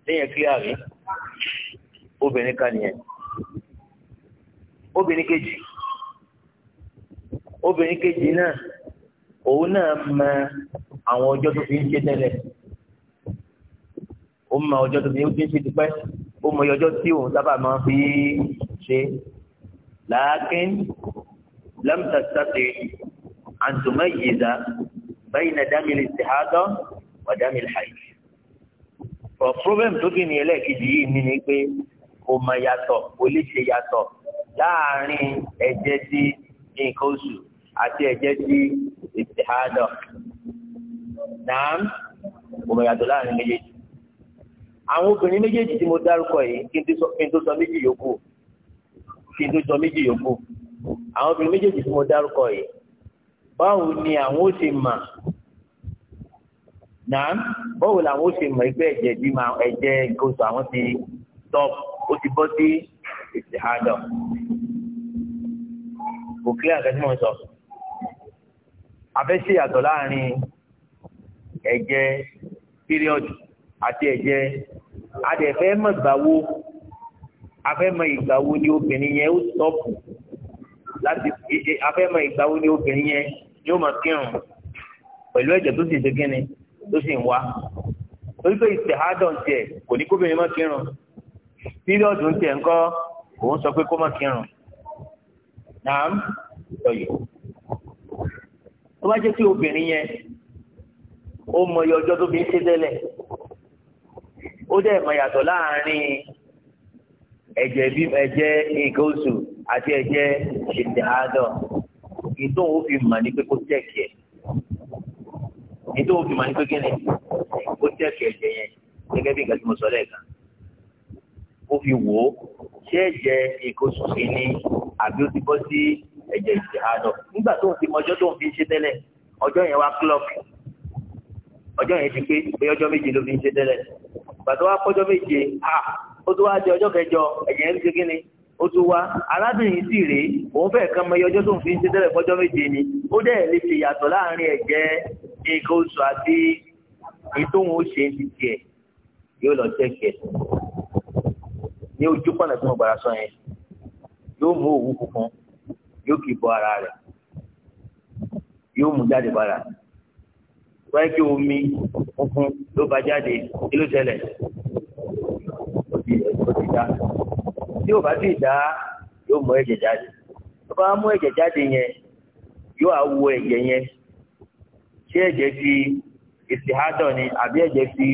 lẹ́yìn clear rí obìnrin kan nìyẹn obìnrin kejì obìnrin kejì náà òun náà mọ àwọn ọjọ́ tó fi ń ṣe tẹ́lẹ̀ ó mọ ọjọ́ tó fi ń ṣe tipẹ́ ó mọ ọjọ́ tí òun sábà máa fi ṣe làákín lámtàtàtì àǹtùmọ̀ yìí dá báyìí dámìlì tìhádọ́ wà dámìlì hàyè but problem tó bí ní ẹlẹ́ẹ̀kejì yìí ní ni pé kò mọ yàtọ̀ kò lè ṣe yàtọ̀ láàárín ẹ̀jẹ̀ sí nǹkan oṣù àti ẹ̀jẹ̀ sí ìtìhádọ̀ náà kò mọ yàtọ̀ láàárín méjèèjì àwọn obìnrin méjèèjì tí mo dárúkọ yìí kí n tó sọ méjì yòókù kí n tó sọ méjì yòókù àwọn obìnrin méjèèjì tí mo dárúkọ yìí báwo ni àwọn ó ṣe mà náà bọ́wọ́ la ó ṣe mọ̀ ẹgbẹ́ ẹ̀jẹ̀ bí máa ẹ̀jẹ̀ ìkóso àwọn ti stop ó ti bọ́ sí ìtìhádọ̀ kò clear àgbẹ̀ tí mo sọ afẹ́sẹ̀ yàtọ̀ láàrin ẹ̀jẹ̀ period àti ẹ̀jẹ̀ adẹ̀fẹ́ mọ̀ gbàwó afẹ́mọ̀ ìgbàwó ni obìnrin yẹn ó stop láti afẹ́mọ̀ ìgbàwó ni obìnrin yẹn yóò máa kírun pẹ̀lú ẹ̀jẹ̀ tó sì ṣe kí ló sì ń wá torí pé ìtẹ̀hádọ̀ ń tiẹ̀ kò ní kóbìnrin mọ́ kírun píríọ̀dù ń tiẹ̀ ńkọ́ òun sọ pé kó mọ́ kírun nàám lọ́yọ̀ tó bá jẹ́ pé obìnrin yẹn ó mọ iye ọjọ́ tó fi ń ṣe tẹ́lẹ̀ ó dẹ̀ mọ yàtọ̀ láàárín ẹ̀jẹ̀ bí ẹ̀jẹ̀ nǹkan oṣù àti ẹ̀jẹ̀ ìtẹ̀hádọ̀ ìtòhùn ó fi mọ̀ ní pé kó tẹ̀kì ètò òfin máa ń pé kíni ó tẹ̀sí ẹ̀jẹ̀ yẹn gẹ́gẹ́ bí nǹkan tí mo sọ lẹ́ẹ̀kan ó fi wò ó ṣé Eko ìkóṣù ni àbí ó ti bọ́ sí ẹ̀jẹ̀ ìṣèhádọ̀ nígbà tó ń fi mọjọ tó ń fi ṣe tẹ́lẹ̀ ọjọ yẹn wá clock ọjọ yẹn ti pé pé ọjọ́ méje ló fi ṣe wá pọ́jọ́ méje ha, ó tó wá di ọjọ kẹjọ ẹ̀jẹ̀ ń ṣe kíni ó tún wá arábìnrin sì rèé òun kan mọ iye ọjọ tó fi ṣe méje ni ó lè láàrin nǹkan oṣù àti ìtòhùn ó ṣe é ti tiẹ̀ yóò lọ jẹ́kẹ̀ẹ́ ní ojú pọ̀nà tí mo gbàrà sọ yẹn yóò mú òwú funfun yóò kì í bọ ara rẹ̀ yóò mú jáde bára wáyé kí omi funfun ló bá jáde kí ló ṣẹlẹ̀ ó ti dá tí ò bá sì dá yóò mú ẹ̀jẹ̀ jáde tó bá mú ẹ̀jẹ̀ jáde yẹn yóò á wo yẹn ṣé ẹ̀jẹ̀ ti ìsìhádọ̀ ni àbí ẹ̀jẹ̀ ti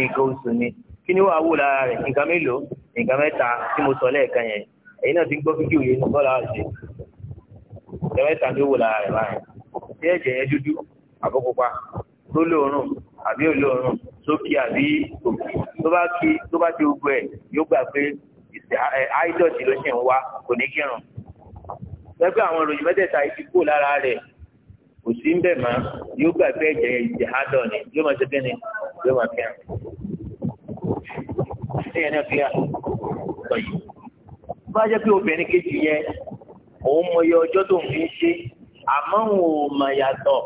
nǹkan oṣù ni kí ni wàá wò lára rẹ̀ nǹkan mélòó nǹkan mẹ́ta tí mo sọ lẹ́ẹ̀kan yẹn èyí náà ti ń gbọ́ fídíò yìí ní bọ́lá ọ̀sẹ̀ nǹkan mẹ́ta ni ó wò lára rẹ̀ báyìí ṣé ẹ̀jẹ̀ yẹn dúdú àbókópa tó lóorùn àbí olóorùn sókè àbí òkè tó bá kí tó bá ti gbogbo ẹ̀ yóò gbà pé áìdọ̀tì ló ṣì ń wá kò ní kírun lẹ́gbẹ́ àwọn ìròyìn mẹ́tẹ̀ẹ̀ta yìí ti kú lára rẹ̀ kò sí ń bẹ̀ mọ́ yóò gbà pé ẹ̀jẹ̀ ìjìhádọ̀ ni yóò máa ṣe kí yóò máa fi hàn. ṣé yẹn náà sọ yìí. bá a jẹ́ pé obìnrin kejì yẹn òun mọ iye ọjọ́ tó ń fi ń ṣe àmọ́ òun ò mà yàtọ̀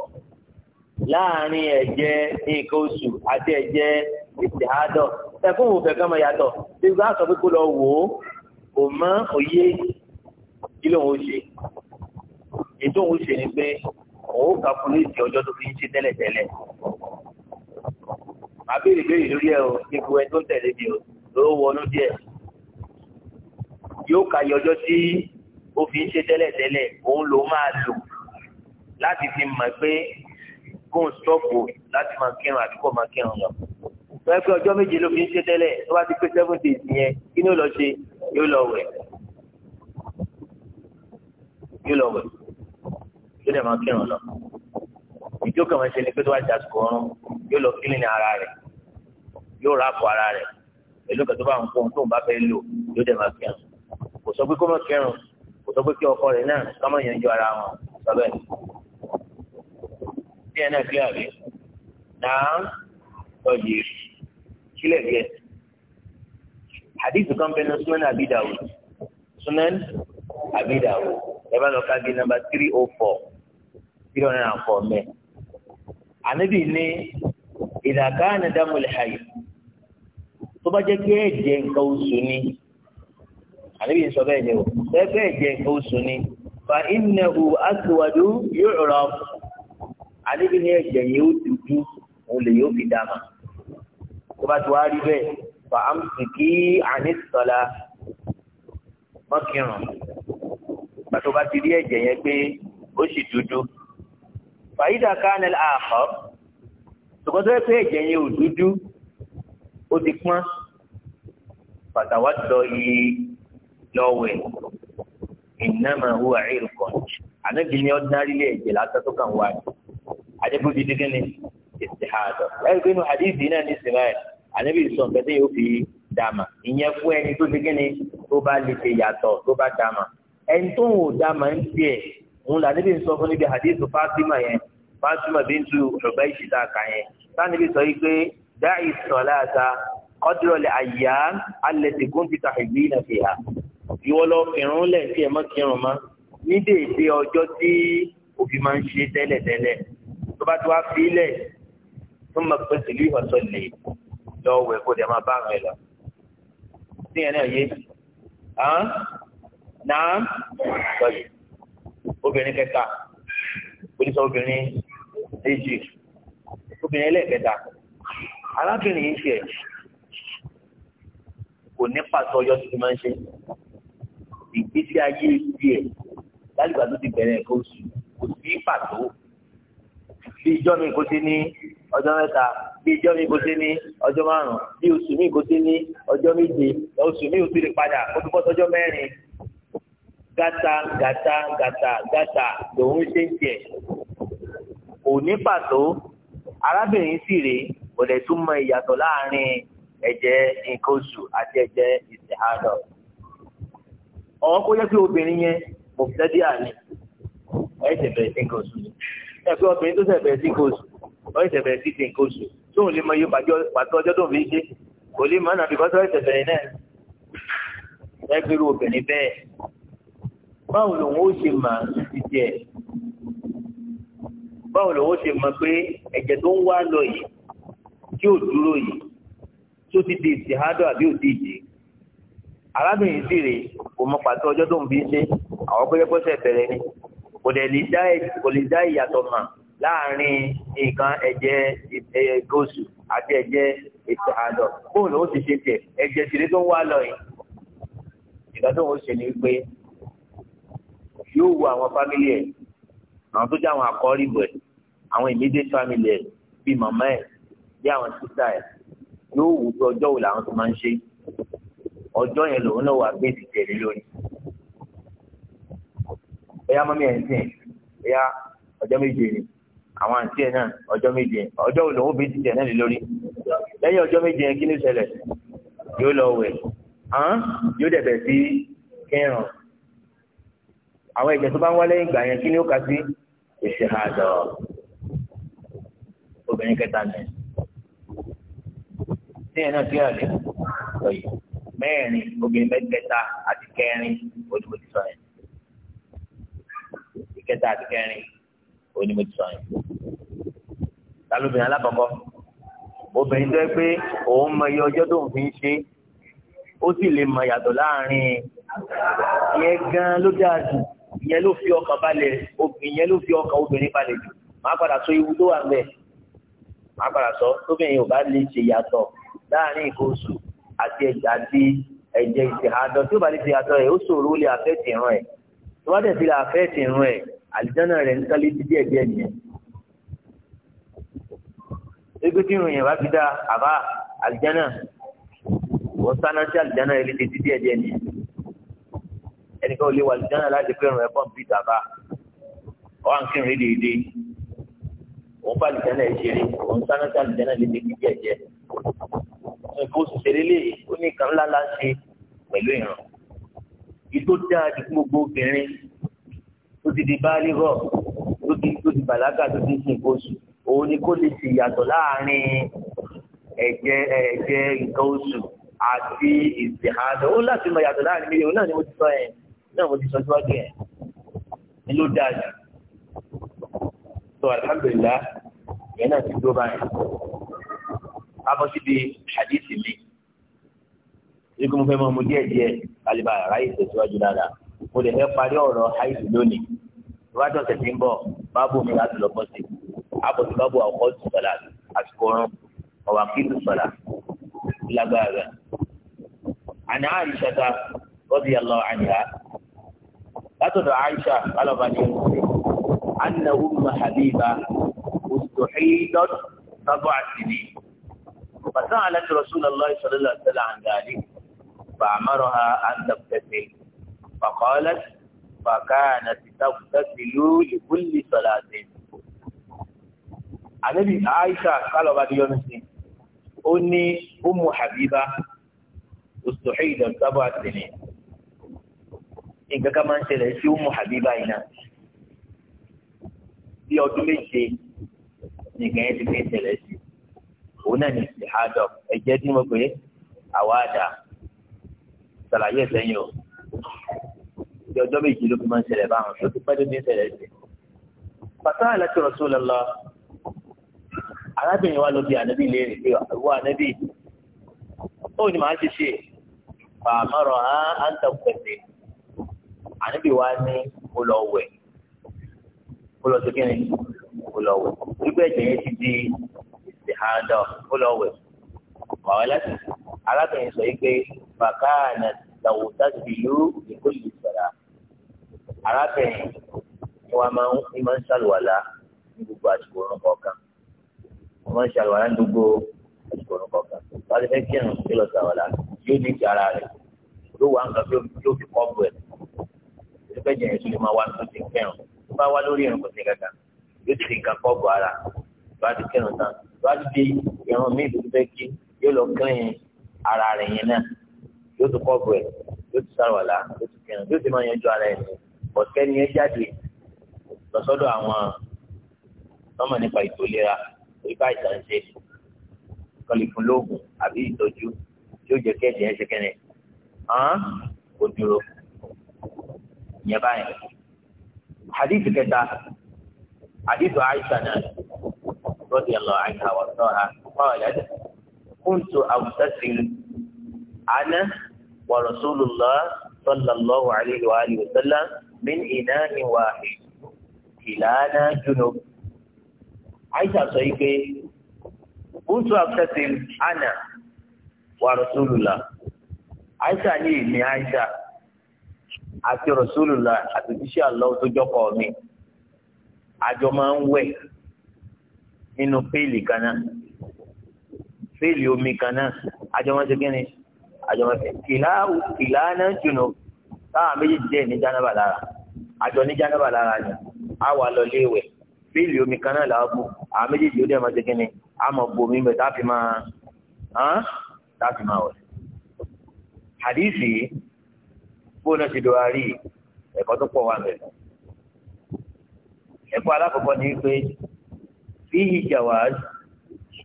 láàárín ẹ̀jẹ̀ nǹkan oṣù àti ẹ̀jẹ̀ ìjìhádọ̀ ẹ̀fún òun fẹ̀ kán mọ yàtọ̀ bí wọ́n á sọ pé kó lọ wò ó kò mọ òye kí lóun ó ṣe ètò òun ṣe ni pé òun kà fún ní ìsì ọjọ́ tó fi ń ṣe tẹ́lẹ̀tẹ́lẹ̀ àbírí ìbéèrè lórí ẹ o ipò ẹ tó ń tẹ̀lé mi o ló wọnú díẹ̀ yóò kàyọ ọjọ́ tí ó fi ń ṣe tẹ́lẹ̀tẹ́lẹ̀ òun ló máa lò láti fi mọ̀ pé kó ń sọ́ọ̀bù láti máa kírun àbí kó máa kírun lọ. wọ́n yẹ pé ọjọ́ méje ló fi ń ṣe tẹ́lẹ̀ tó bá ti pé seven days yẹn kí ni ó lọ ṣe yóò lọ wẹ̀ yóò lọ wẹ̀ tó dẹ̀ máa kírun lọ ìjó kàn máa ṣe ni pé tó wá jà sùkò ọrùn yóò lọ kílìn ara rẹ̀ yóò ra àpò ara rẹ̀ pẹ̀lú kan tó bá ń kó ohun tó ń bá fẹ́ lò yóò dẹ̀ máa kírun kò sọ pé kó máa kírun kò sọ pé kí ọkọ rẹ̀ náà ká máa yanjú ara wọn sọ́bẹ̀ bí ẹ náà àbí náà lọ́ọ̀dì kílẹ̀ bí ẹ kan bẹ́ẹ̀ ní sunan abi dawud sunan abi dawud ẹ bá lọ ká bí nàmbà three oh four three hundred and four mẹ́. ànábì ní ìdàkánì dámúlì hayè tó bá jẹ́ pé ẹ̀jẹ̀ nǹkan oṣù ni ànábì sọ bẹ́ẹ̀ ni o fẹ́fẹ́ ẹ̀jẹ̀ nǹkan oṣù ni fa innahu aswadu yu'raf ànábì ní ẹ̀jẹ̀ yìí ó dúdú òun lè yóò fi dá tó bá ti wá rí bẹ́ẹ̀ fa amsiki àní sọ̀la mọ́kìrùn-ún bá ti rí ẹ̀jẹ̀ yẹn pé ó sì dúdú fàyídà kánẹ́lì àkọ́ ṣùgbọ́n tó yẹ pé ẹ̀jẹ̀ yẹn ò dúdú ó ti pọ́n fàtàwá lọ yìí lọ́wẹ̀ ìnáma huwa irkon ànábi ni ọ́dínárì lé ẹ̀jẹ̀ látọ́ tó kàn wá ní àdébùn ti dídí ní ìsìhàdọ̀ ẹ̀rí pé inú hadithi náà ní sinai ànábi sọ nǹkan tó yóò fi dàmà ìyẹn fún ẹni tó dídí ní tó bá lè ṣe yàtọ̀ tó bá dàmà ẹni tó ń wò dàmà ń tiẹ̀ ń là níbi sọ fún níbi hadith Fatima yẹn Fatima bintu Hubayshi tá a kà yẹn sáni bí sọ yìí pé dáì sọ̀láta ọdúnrọ̀lẹ̀ àyà alẹ́sẹ̀ kọ́ńpútà ìgbé náà fi hà ìwọ lọ kírun lẹ̀ tí ẹ mọ́ kírun mọ́ ní déédéé ọjọ́ tí òfin máa ń ṣe tẹ́lẹ̀tẹ́lẹ̀ tó bá ti wá fi lẹ̀ tó máa pèsè ìlú ìwọ̀sọ̀ lè lọ wẹ̀ kó dẹ̀ máa bá àwọn lọ. sí ẹ̀ náà yé náà sọ̀rọ̀ obìnrin kẹta oníṣẹ́ obìnrin èjì obìnrin ẹlẹ́ẹ̀kẹta arábìnrin yìí tiẹ̀ kò ní pàtó ọjọ́ tó ti máa ń ṣe ìgbésí ayé tiẹ̀ lálùbà tó ti bẹ̀rẹ̀ nǹkan oṣù kò sí pàtó bí ìjọ mi kò sí ní ọjọ́ mẹ́ta bí ìjọ mi kò sí ní ọjọ́ márùn-ún bí oṣù mi kò sí ní ọjọ́ méje oṣù mi ò sì lè padà kó tó bọ́ sọ́jọ́ mẹ́rin gata gata gata gata lòun ṣe ń tiẹ̀ kò ní pàtó arábìnrin sì rèé kò lè tún mọ ìyàtọ̀ láàrin ẹ̀jẹ̀ nǹkan oṣù àti ẹ̀jẹ̀ ìsìnkádọ̀ ọ̀hún kó jẹ́ pé obìnrin yẹn mọ̀fẹ́díà ni ẹ̀jẹ̀ bẹ̀rẹ̀ sí nǹkan oṣù ni ẹ̀ pé obìnrin tó ṣẹ̀ bẹ̀rẹ̀ sí nǹkan oṣù ọ̀ẹ́sẹ̀ bẹ̀rẹ̀ sí ti nǹkan oṣù tóun lè mọ iye pàtó ọjọ́ tó ń fi ṣe kò lè mọ nàbí kọ́tọ́ ẹ̀sẹ̀ bẹ̀rẹ̀ náà ẹgbẹ́rú obìnrin bẹ́ẹ̀ báwo lòun ó ṣe mà títí ẹ̀ báwo lòun ṣe mọ̀ pé ẹ̀jẹ̀ tó ń wá lọ yìí tí ò dúró yìí tó ti di ìtìhádọ́ àbí òdíje arábìnrin sì rè kò mọ pàtó ọjọ́ tó ń fi ṣe àwọn pẹ́ẹ́pẹ́sẹ̀ bẹ̀rẹ̀ ni kò dẹ̀ lè dá kò lè dá ìyàtọ̀ mà láàrin nǹkan ẹ̀jẹ̀ gòsù àti ẹ̀jẹ̀ ìtìhádọ́ bóun lòun ti ṣe tiẹ̀ ẹ̀jẹ̀ sì rè tó ń wá lọ àwọn tó jẹ́ àwọn àkọ́rí bọ̀ ẹ̀ àwọn immediate family ẹ̀ bíi màmá ẹ̀ bíi àwọn sísá ẹ̀ yóò wù pé ọjọ́ wo làwọn tó máa ń ṣe ọjọ́ yẹn lòun náà wà gbé ìtẹ̀lé lórí ẹ̀yà mọ́mí ẹ̀ ń sìn ẹ̀yà ọjọ́ méje ni àwọn àǹtí ẹ̀ náà ọjọ́ méje ọjọ́ wo lòun bí ìtẹ̀lé náà lórí lẹ́yìn ọjọ́ méje yẹn kí ni ṣẹlẹ̀ yóò lọ wẹ̀ hàn yóò dẹ̀bẹ̀ sí kẹrùn àwọn ẹ̀jẹ̀ tó bá ń wá lẹ́yìn ìgbà yẹn kí ni ó kà sí ìṣèhàdọ obìnrin kẹta ni ní ẹ̀nà tí ọ̀lẹ́ lọ́yẹ̀ mẹ́rin obìnrin mẹ́tẹ̀ẹ̀ta àti kẹrin onímọ̀tì sọ yẹn ìkẹta àti kẹrin onímọ̀tì sọ yẹn talóbìnrin alákọ̀ọ́kọ́ obìnrin tó yẹ pé òun mọ iye ọjọ́ tó ń fi ń ṣe ó sì lè mọ yàtọ̀ láàrin yẹn gan ló dáa yẹn ló fi ọkàn balẹ̀ obìnrin yẹn ló fi ọkàn obìnrin balẹ̀ jù màá padà sọ ewu tó wà ń bẹ̀ màá padà sọ tóbìnrin ò bá lè ṣe yàtọ̀ láàrin nǹkan oṣù àti ẹ̀jẹ̀ àti ẹ̀jẹ̀ ìṣèhàdọ̀ tí ó bá lè ṣe yàtọ̀ rẹ̀ ó ṣòro ó lè àfẹ́ẹ̀tì ìran ẹ̀ tó bá dẹ̀ fi lè àfẹ́ẹ̀tì ìran ẹ̀ àlìjáná rẹ̀ ń tọ́lé ti díẹ̀ díẹ̀ nìyẹn. egbé tí ìròyìn bá fi dá àbá àlìjáná wọ́n sáná sí àlìjáná rẹ̀ lè ti díẹ̀ díẹ̀ nìyẹn ẹnìkan ò lè wà lùjánà láti pé ìrùn ẹ̀fọ́n bíi dàbà ọ̀ à ń kírun déédéé òun bá lùjánà ẹ̀ ṣeré òun sáná sá lùjánà lè fi kíjẹ̀ jẹ́ nǹkan oṣù ṣeré lè ó ní nǹkan ńlá ńlá ṣe pẹ̀lú ìrùn ìtò dáa ju gbogbo obìnrin tó ti di báálí rọ̀ tó ti tó ti bàlágà tó ti sin oṣù òun ni kó lè ṣe ìyàtọ̀ láàárín ẹ̀jẹ̀ ẹ̀jẹ̀ nǹkan oṣù àti ìsìnkà ó láti mọ ìyàtọ̀ láàárín mi òun náà ni mo ti sọ yẹn náà mo ti sọ síwájú yẹn ni ló dáa jù tó alhamdulilá yẹn náà ti dó báyìí abọ́ síbi hadithi mi ikú mo fẹ́ mọ mo díẹ̀ díẹ̀ kálíbà ráyè tẹ̀síwájú dáadáa mo lè fẹ́ parí ọ̀rọ̀ haidu lónìí ìwádìí ọ̀sẹ̀ tí ń bọ̀ báàbù mi láti lọ bọ́ sí àbọ̀ tí báàbù àwọn ọ̀sùn sọ̀lá àsìkò ọ̀run ọ̀wà kíkù sọ̀lá lágbára àná àríṣàta rọ́bì yàlọ́ àníyá látọ̀dọ̀ Aisha alọba ni anna umma habiba ustuhidat sab'a sinin فسألت رسول الله صلى الله عليه وسلم عن ذلك فأمرها أن تغتسل فقالت فكانت تغتسل لكل صلاة ànábì aisha kálọ̀ bá díyọ́nù sí ó ní umu habiba ustuhi ìdọ̀tábọ̀ àtìní nǹkan kan máa ń ṣẹlẹ̀ sí Umu Habiba yìí náà bí ọdún méje nìkan yẹn ti fi ṣẹlẹ̀ sí òun náà ní ìhádọ̀ ẹ̀jẹ̀ tí mo pè é àwáàdà ṣàlàyé ẹ̀sẹ̀yìn o bí ọjọ́ méje ló fi máa ń ṣẹlẹ̀ báwọn ló ti pẹ́ tó ti ń ṣẹlẹ̀ sí. bàtà àlàtì Rasulullah arábìnrin wa ló bi ànábì léèrè pé wọ́n ànábì ó ní màá ti ṣe fàmọ́rọ̀ á ń tàn pẹ̀lẹ́ ànábì wa ní kó lọ wẹ̀ kó lọ sí kíni kó lọ wẹ̀ gbígbẹ́ ẹ̀jẹ̀ ti di ìhàdà kó lọ wẹ̀ wàá láti arábìnrin sọ yìí pé bàkà ànàtàwò tàbí ìlú èkó yìí sọ̀rọ̀ arábìnrin ni wọ́n máa ń máa ń ṣàlùwàlá ní gbogbo àsìkò ọ̀run kọ̀ọ̀kan wọ́n máa ń ṣàlùwàlá ní gbogbo àsìkò ọ̀run kọ̀ọ̀kan wọ́n ti fẹ́ kírun kí lọ ṣàlùwàlá yóò ní ti ara rẹ̀ yóò wá nǹkan yóò fi kọ́ bọ̀ ẹ̀ àti pẹ́jẹ yẹn tó lè máa wá tó ti kẹrùn tó bá wá lórí ẹ̀rùn kò sí kankan yóò ti nǹkan kọ́ọ̀bù ara tó bá ti kẹrùn tán tó bá ti di ẹ̀rùn míì tó fẹ́ kí yóò lọ kírin ara rẹ̀ yẹn náà yóò tó kọ́ọ̀bù ẹ̀ yóò ti sàrọ̀lá yóò ti kẹrùn yóò ti máa yanjú ara ẹ̀ ní ọ̀kẹ́ni ẹ jáde lọ́sọ́dọ̀ àwọn tọ́mọ̀ nípa ètò ìbá ìtànṣe kọlìfún àbí ìtọ́jú yóò jẹ́ kẹ́ẹ̀dì ẹ̀ ìyẹn báyìí hadith kẹta hadith aisha náà radiyallahu anha wa sọ́ra qalat kuntu awtasil ana wa rasulullah sallallahu alayhi wa alihi wa sallam min ina'in wahid ìlànà junub aisha sọ yìí pé kuntu awtasil ana wa rasulullah aisha ní ìní aisha àti Rasulullah àti tíṣà lọ́wọ́ tó jọkọ̀ mi àjọ máa ń wẹ̀ nínú péèlì kan náà péèlì omi kan náà àjọ máa ń ṣe kí ni àjọ máa ń ṣe kìlá kìlá náà jùlọ táwọn méjèèjì jẹ́ ní jánábà lára àjọ ní jánábà lára ni a wà lọ léèwẹ̀ péèlì omi kan náà làwọn bù àwọn méjèèjì ó dẹ̀ máa ṣe kí ni a mọ̀ bomi bẹ̀ tá a fi máa tá a fi máa wẹ̀. hadisi bóòlù ti do àárí ẹ̀kọ́ tó pọ̀ wà mẹ́rin ẹ̀kọ́ alákọ̀ọ́kọ́ ni pé fíhi jawaz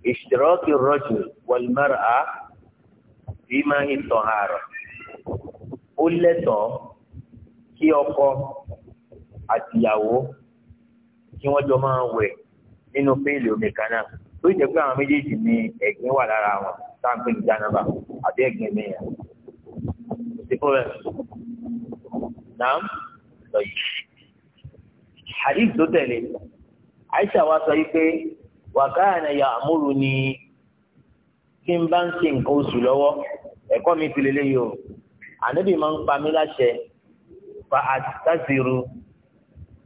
ìṣtìrọ́kì rọ́jù wọlmọ́ra fi máa ń tàn àrọ̀ ó lẹ́tọ̀ọ́ kí ọkọ àtìyàwó kí wọ́n jọ máa wẹ̀ nínú péèlì omi kan náà tó jẹ́ pé àwọn méjèèjì ni ẹ̀gbin wà lára wọn táǹpì ìjà nàbà àbí ẹ̀gbin mìíràn nàám lọ yìí hadith tó tẹ̀lé Aisha wa sọ yìí pé wàkàna ya àmúru ni tí n bá ń ṣe nǹkan oṣù lọ́wọ́ ẹ̀kọ́ mi ti lélẹ́ yìí o ànábì máa ń pa mí láṣẹ fa àtàzìrú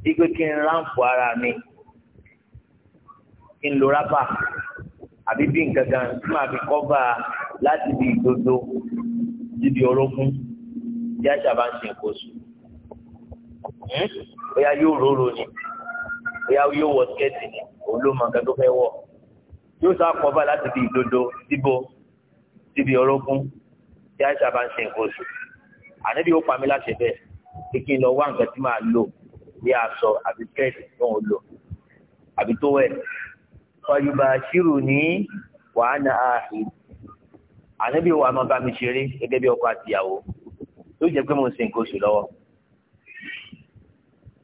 wípé kí n ráǹpù ara mi kí n lo rábà àbí bí nǹkan kan tí màá fi kọ́fà láti di ìdodo ti di orógún bí àṣà bá ń ṣe nǹkan oṣù Hmm? bóyá yóò róró ni bóyá yóò wọ skẹ́ẹ̀tì ni òun ló mọ nǹkan tó fẹ́ wọ̀ yóò sọ àkọ́bà láti di ìdodo síbo síbi orógún tí àìsà bá ń ṣe nǹkan oṣù ànábì ó pa mí láṣẹ bẹ́ẹ̀ kékeré lọ wá nǹkan tí màá lò bí aṣọ àbí skẹ́ẹ̀tì tó ń lò àbí tó wẹ̀ fàyùbà ṣírù ní wàhánà àhìn ànábì ó wà máa bá mi ṣeré gẹ́gẹ́ bí ọkọ àtìyàwó yóò jẹ́ pé mo ń ṣe nǹkan oṣù lọ́wọ́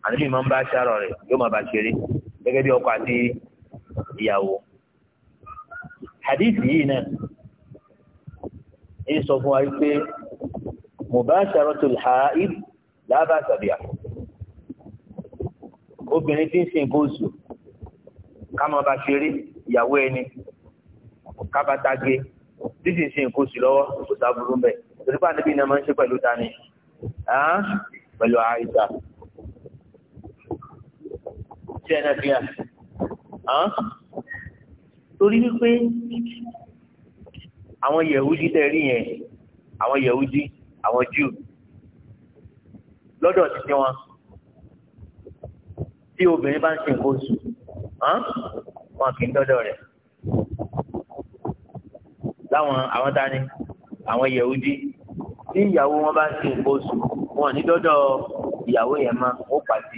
ànábì máa ń bá aṣáró rẹ̀ yóò máa bá ṣeré gẹ́gẹ́ bí ọkọ àti ìyàwó hadith yìí náà ń sọ fún wa pé mubasharatul haid la ba'sa biha obìnrin tí ń sin nǹkan oṣù ká máa bá ṣeré ìyàwó ẹni ká bá tage títí ń sin nǹkan oṣù lọ́wọ́ kò sá mbẹ́ torípa níbi iná máa ń ṣe pẹ̀lú tani pẹ̀lú àìsà tí ẹ náà fi hàn án torí wípé àwọn yẹ̀wúdí tẹ̀ rí yẹn àwọn yẹ̀wúdí àwọn júù lọ́dọ̀ títí wọn tí obìnrin bá ń ṣe nǹkan oṣù wọn kì í dọ́dọ̀ rẹ̀ láwọn àwọn tani àwọn yẹ̀wúdí tí ìyàwó wọn bá ń ṣe nǹkan oṣù wọn ní dọ́dọ̀ ìyàwó yẹn máa ó pàṣẹ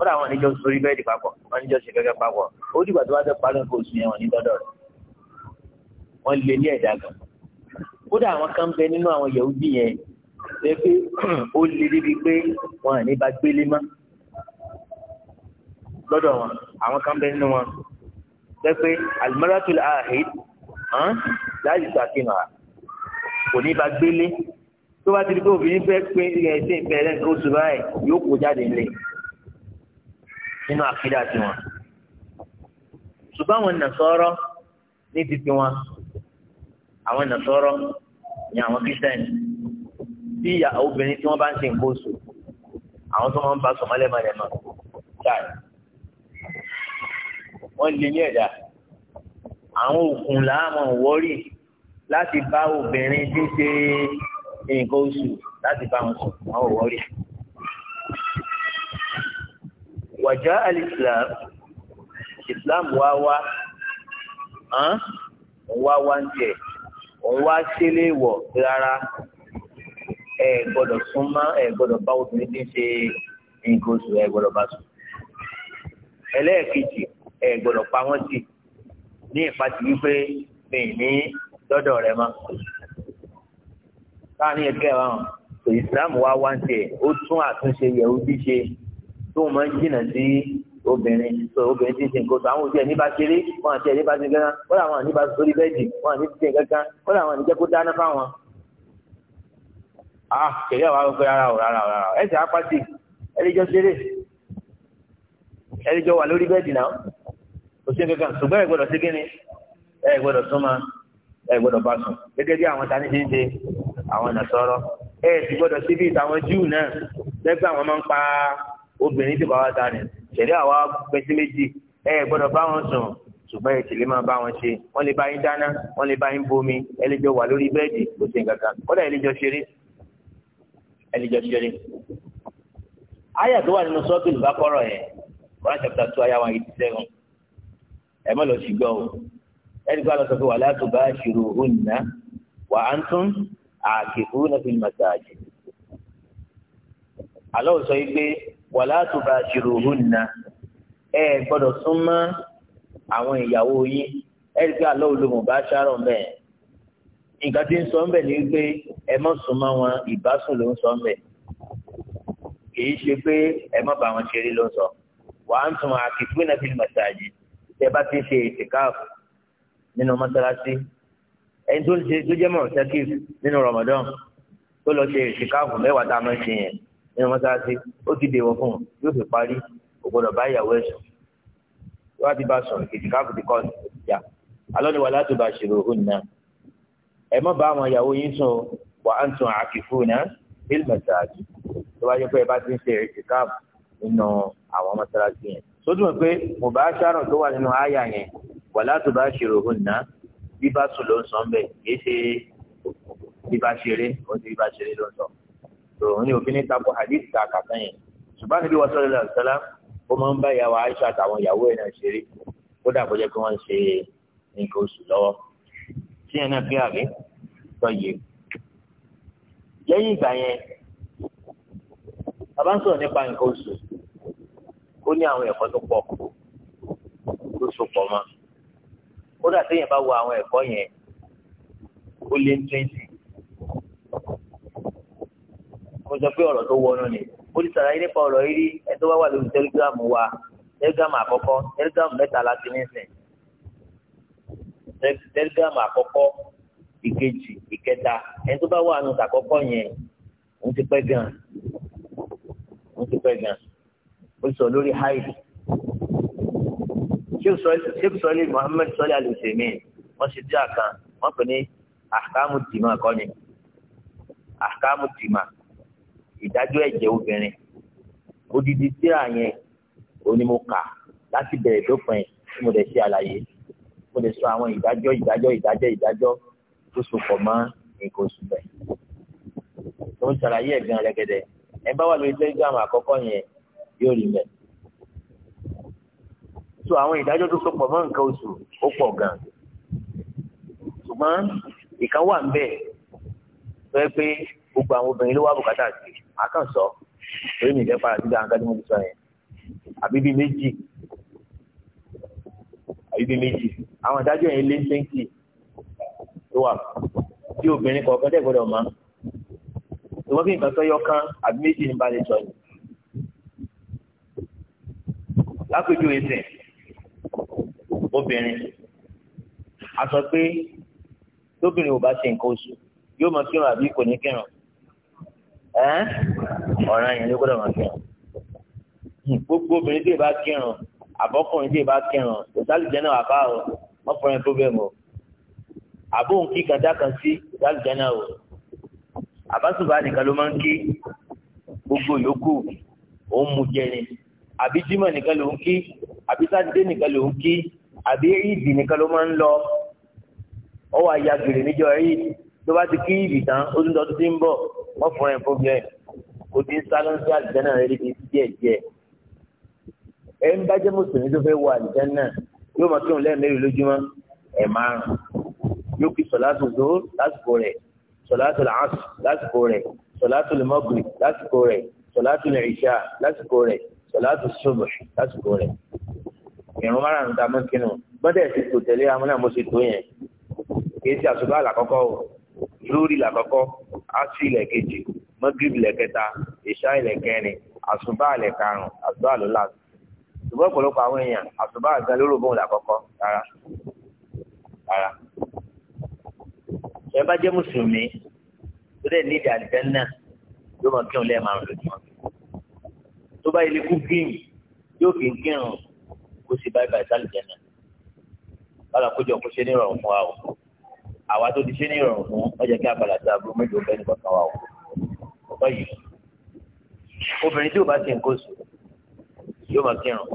kódà àwọn àníjọ sórí bẹ́ẹ̀dì papọ̀ wọn àníjọ ṣe gẹ́gẹ́ papọ̀ ó dìgbà tó bá fẹ́ parí nǹkan oṣù yẹn wọn ní dọ́dọ̀ rẹ̀ wọ́n lé ní ẹ̀dá gan kódà àwọn kan bẹ nínú àwọn yahudi yẹn ṣe pé [CLEARS THROAT] ó lé débi pé wọn àní bá gbélé mọ́ lọ́dọ̀ wọn àwọn kan bẹ nínú wọn ṣe pé alimaratul ahid láyé ìṣàfihàn kò ní bá gbélé tó bá ti di pé obìnrin fẹ́ pé ẹ̀sìn ìfẹ́ rẹ̀ kó sùn báyìí yóò kó jáde nílé nínú àkídà tiwọn ṣùgbọ́n àwọn nàṣọ́rọ́ ní ti tiwọn àwọn nàṣọ́rọ́ ní àwọn kírísítẹ́nì tí ìyá obìnrin tí wọ́n bá ń ṣe nǹkan oṣù àwọn tó máa ń ba sọmọlẹ́mọlẹ́mọ ṣáà wọ́n lè ní ẹ̀dá àwọn òkun láàmú wọ́rì láti bá obìnrin tí ń ṣe nǹkan oṣù láti bá wọn sùn àwọn ò wàjá alìsìlám islam wá wá hàn òun wá wá ń jẹ òun wá sílé wọ rárá ẹ gbọ́dọ̀ súnmọ́ ẹ gbọ́dọ̀ bá obìnrin tí ń ṣe nǹkan oṣù ẹ gbọ́dọ̀ bá sùn ẹlẹ́ẹ̀kejì ẹ gbọ́dọ̀ pa wọ́n sí ní ìpàtí wípé mi ní lọ́dọ̀ rẹ mọ́ káà ní ẹgbẹ́ wọn ìsìlámù wá wá ń tẹ̀ ó tún àtúnṣe yẹ̀wò bí ṣe tó máa ń jìnnà sí obìnrin tó obìnrin ti ṣe nǹkan tó àwọn òbí ẹ̀ ní ṣeré wọn àti ẹ̀ ní ṣe gángan wọn làwọn sórí bẹ́ẹ̀dì wọn àní ṣe gángan wọn làwọn kó dáná fáwọn. a kẹ̀lé àwọn arúgbó rárá o rárá o rárá o ẹ̀sẹ̀ apáti ẹ̀lẹ́jọ́ ṣeré ẹ̀lẹ́jọ́ wà lórí bẹ́ẹ̀dì náà kò sí gángan ṣùgbọ́n ẹ̀ gbọ́dọ̀ ṣe kíni ẹ̀ gbọ́dọ̀ súnmọ́ ẹ̀ gbọ́dọ̀ bá sùn gẹ́gẹ́ bí àwọn tani ṣe ń ṣe àwọn obìnrin tí bàbá ta rìn ṣẹ̀rí àwa pẹ́sí méjì ẹ gbọ́dọ̀ bá wọn sùn ṣùgbọ́n ẹ sì lè máa bá wọn ṣe wọ́n lè bá yín dáná wọ́n lè bá yín bomi ẹ lè jọ wà lórí bẹ́ẹ̀dì kò sí nǹkan kan kódà ẹ lè ṣeré ẹ lè jọ ṣeré. àyà tó wà nínú sọ́ọ̀tù ìbákọ́rọ̀ yẹn one chapter two àyà one eighty seven ẹ má lọ sí gbọ́ o ẹni gbọ́dọ̀ sọ pé wala tubashiruhunna wa antum akifuna fil masajid. àlọ́ sọ yìí pé wàlá tubashiruhunna ẹ gbọ́dọ̀ súnmọ́ àwọn ìyàwó yín ẹ rí i pé àlọ́ olómùbá ṣàrọ̀ mẹ́ẹ̀ nǹkan tí ń sọ mbẹ ni pé ẹ má súnmọ́ wọn ìbásùn ló ń sọ mbẹ kìí ṣe pé ẹ má bá wọn ṣeré ló ń sọ wàá ń tún àkìfún náà fílmù àtàjì tẹ bá ti ṣe ìtìkáàfù nínú mọ́sálásí ẹni tó ń ṣe tó jẹ́ mọ̀ ṣẹ́kìf nínú Ramadan tó lọ ṣe ìtìkáàfù mẹ́wàá tá a máa ṣe yẹn nínú mọ́sáàsì ó ti dèwọ̀ fún un yóò fi parí ògbọ́dọ̀ bá ìyàwó ẹ̀ sùn wọ́n ti bá sùn èjì káàkó ti kọ́ ọ̀nà ìjà ni wà láti bá ṣèrò òun náà ẹ má bá àwọn ìyàwó yín sùn wà á ń tún àkìfù náà bíl mọ́sáàsì tó bá yẹ pé ẹ bá ti ń ṣe èjì káàkó nínú àwọn mọ́sáàsì yẹn tó dùn pé mùbáṣárà tó wà nínú àyà yẹn wà láti bá ṣèrò òun náà bí bá sùn ló ń sọ tó ní òfin ní takò hadith ta kàtà yẹn ṣùgbọ́n níbi wọ́n sọ̀rọ̀ lọ́wọ́ sọ́lá ó máa ń bá ìyàwó aṣọ àtàwọn ìyàwó ẹ̀ náà ṣeré kódà kó jẹ́ pé wọ́n ń ṣe nǹkan oṣù lọ́wọ́ tí ẹ̀ náà clear àbí tọ́yẹ. lẹ́yìn ìgbà yẹn bàbá ń sọ̀rọ̀ nípa nǹkan oṣù ó ní àwọn ẹ̀kọ́ tó pọ̀ tó so pọ̀ mọ́ kódà téèyàn bá wo àwọn ẹ̀kọ́ yẹn ó lé ní twenty mo sọ pé ọ̀rọ̀ tó wọnú ni ó ti sàlàyé nípa ọ̀rọ̀ yìí rí ẹ tó wá wà lórí telegram wa telegram àkọ́kọ́ telegram mẹ́ta láti nísìn telegram àkọ́kọ́ ìkejì ìkẹta ẹni tó bá wà nù tàkọ́kọ́ yẹn ń ti pẹ́ gan ń ti pẹ́ gan ó sọ lórí haidi sheikh sọlẹ muhammed sọlẹ alùsèmí wọn ṣe díà kan wọn pè ní àkàmù tìmọ àkọni àkàmù tìmọ ìdájọ́ ẹ̀jẹ̀ obìnrin odidi síra yẹn òní mo kà láti bẹ̀rẹ̀ dópin tí mo dẹ̀ ṣe àlàyé mo lè sọ àwọn ìdájọ́ ìdájọ́ ìdájọ́ ìdájọ́ tó sopọ̀ mọ́ nǹkan oṣù bẹ̀. tó ń ṣàlàyé ẹ̀gbọ́n rẹ̀gẹ̀dẹ̀ ẹ bá wà lórí telegram àkọ́kọ́ yẹn yóò rí mẹ́. so àwọn ìdájọ́ tó sopọ̀ mọ́ nǹkan oṣù ó pọ̀ gan ṣùgbọ́n ìkan wà ń bẹ̀ pé gbogbo àwọn obìnrin ló wá bùkátà sí àkàn sọ torí mi ìfẹ́ padà sí dáhùn kájú mo ti sọ yẹn àbí bíi méjì àbí bíi méjì àwọn ìdájọ́ yẹn lé sẹ́ńkì tó wà tí obìnrin kọ̀ọ̀kan tẹ̀ gbọ́dọ̀ mọ́ ìwọ́n kí nǹkan sọ́yọ́ kan àbí méjì ní balẹ̀ sọ yìí lápèjú ẹsẹ̀ obìnrin a sọ pé tóbìnrin ò bá ṣe nǹkan oṣù yóò máa kírun àbí kò ní kírun ẹ́ẹ́ ọ̀ràn yẹn ló gbọ́dọ̀ máa kírun hmm, gbogbo obìnrin tí ì bá kírun àbọ́kùnrin tí ì bá kírun ìtàlù jẹ́ náà àbá o ọkùnrin problem o àbó ń kí kàdá kan sí ìtàlù jẹ́ náà o àbásùbà nìkan ló máa ń kí gbogbo yòókù òun mú jẹrin àbí jímọ̀ nìkan ló ń kí àbí sátidé nìkan ló ń kí àbí ìdì nìkan ló máa ń lọ ọwọ́ àyàgbèrè níjọ ìdì tó bá ti kí ìdì tán ó tún dọ́tún tí ń bọ̀ wọ́n fún ẹ̀ fún kò tí ń sáré sí àlùjánnà rẹ̀ níbi díẹ̀ díẹ̀ ẹ̀ ń bá jẹ́ mùsùlùmí tó fẹ́ wọ àlùjánnà yóò máa kírun lẹ́ẹ̀mẹ́rin lójúmọ́ ẹ̀ márùn yóò kí sọ̀látù zuhur lásìkò rẹ̀ sọ̀látù làásù lásìkò rẹ̀ sọ̀látù lùmọ́gbìn lásìkò rẹ̀ sọ̀látù lìṣà lásìkò rẹ̀ sọ̀látù ṣubù lásìkò rẹ̀ ìrun márùn-ún ta mọ́ kínú gbọ́dẹ̀ ti tò tẹ̀lé amúnà mo ṣe tó yẹn kì í ṣe àṣùbà làkọ́kọ́ o lórí làkọ́kọ́ á sí ilẹ̀ kejì magrib lẹ́kẹta ìṣá ìlẹ̀kẹrin àṣùbà lẹ́karùn àṣùbà ló láti ṣùgbọ́n ọ̀pọ̀lọpọ̀ àwọn èèyàn àṣùbà àgbà lóró bóun làkọ́kọ́ rárá rárá ẹ bá jẹ́ mùsùlùmí tó dẹ̀ ní ìdí àdìsẹ́ náà yóò máa kírun lẹ́ẹ̀ márùn lójúmọ́ tó bá ilé kú gíìmù yóò kí n kírun kó sì bá ibà ìsàlùjẹ náà bára kójọ kó ṣe ní ìrọ̀rùn fún wa o àwa tó ti ṣe ní ìrọ̀rùn fún ọjà kí abàlà tí a burú méjì ó bẹ́ẹ̀ nìkan kan wa o ọ̀pọ̀ yìí obìnrin tí ò bá ti nǹkan oṣù yóò máa kírun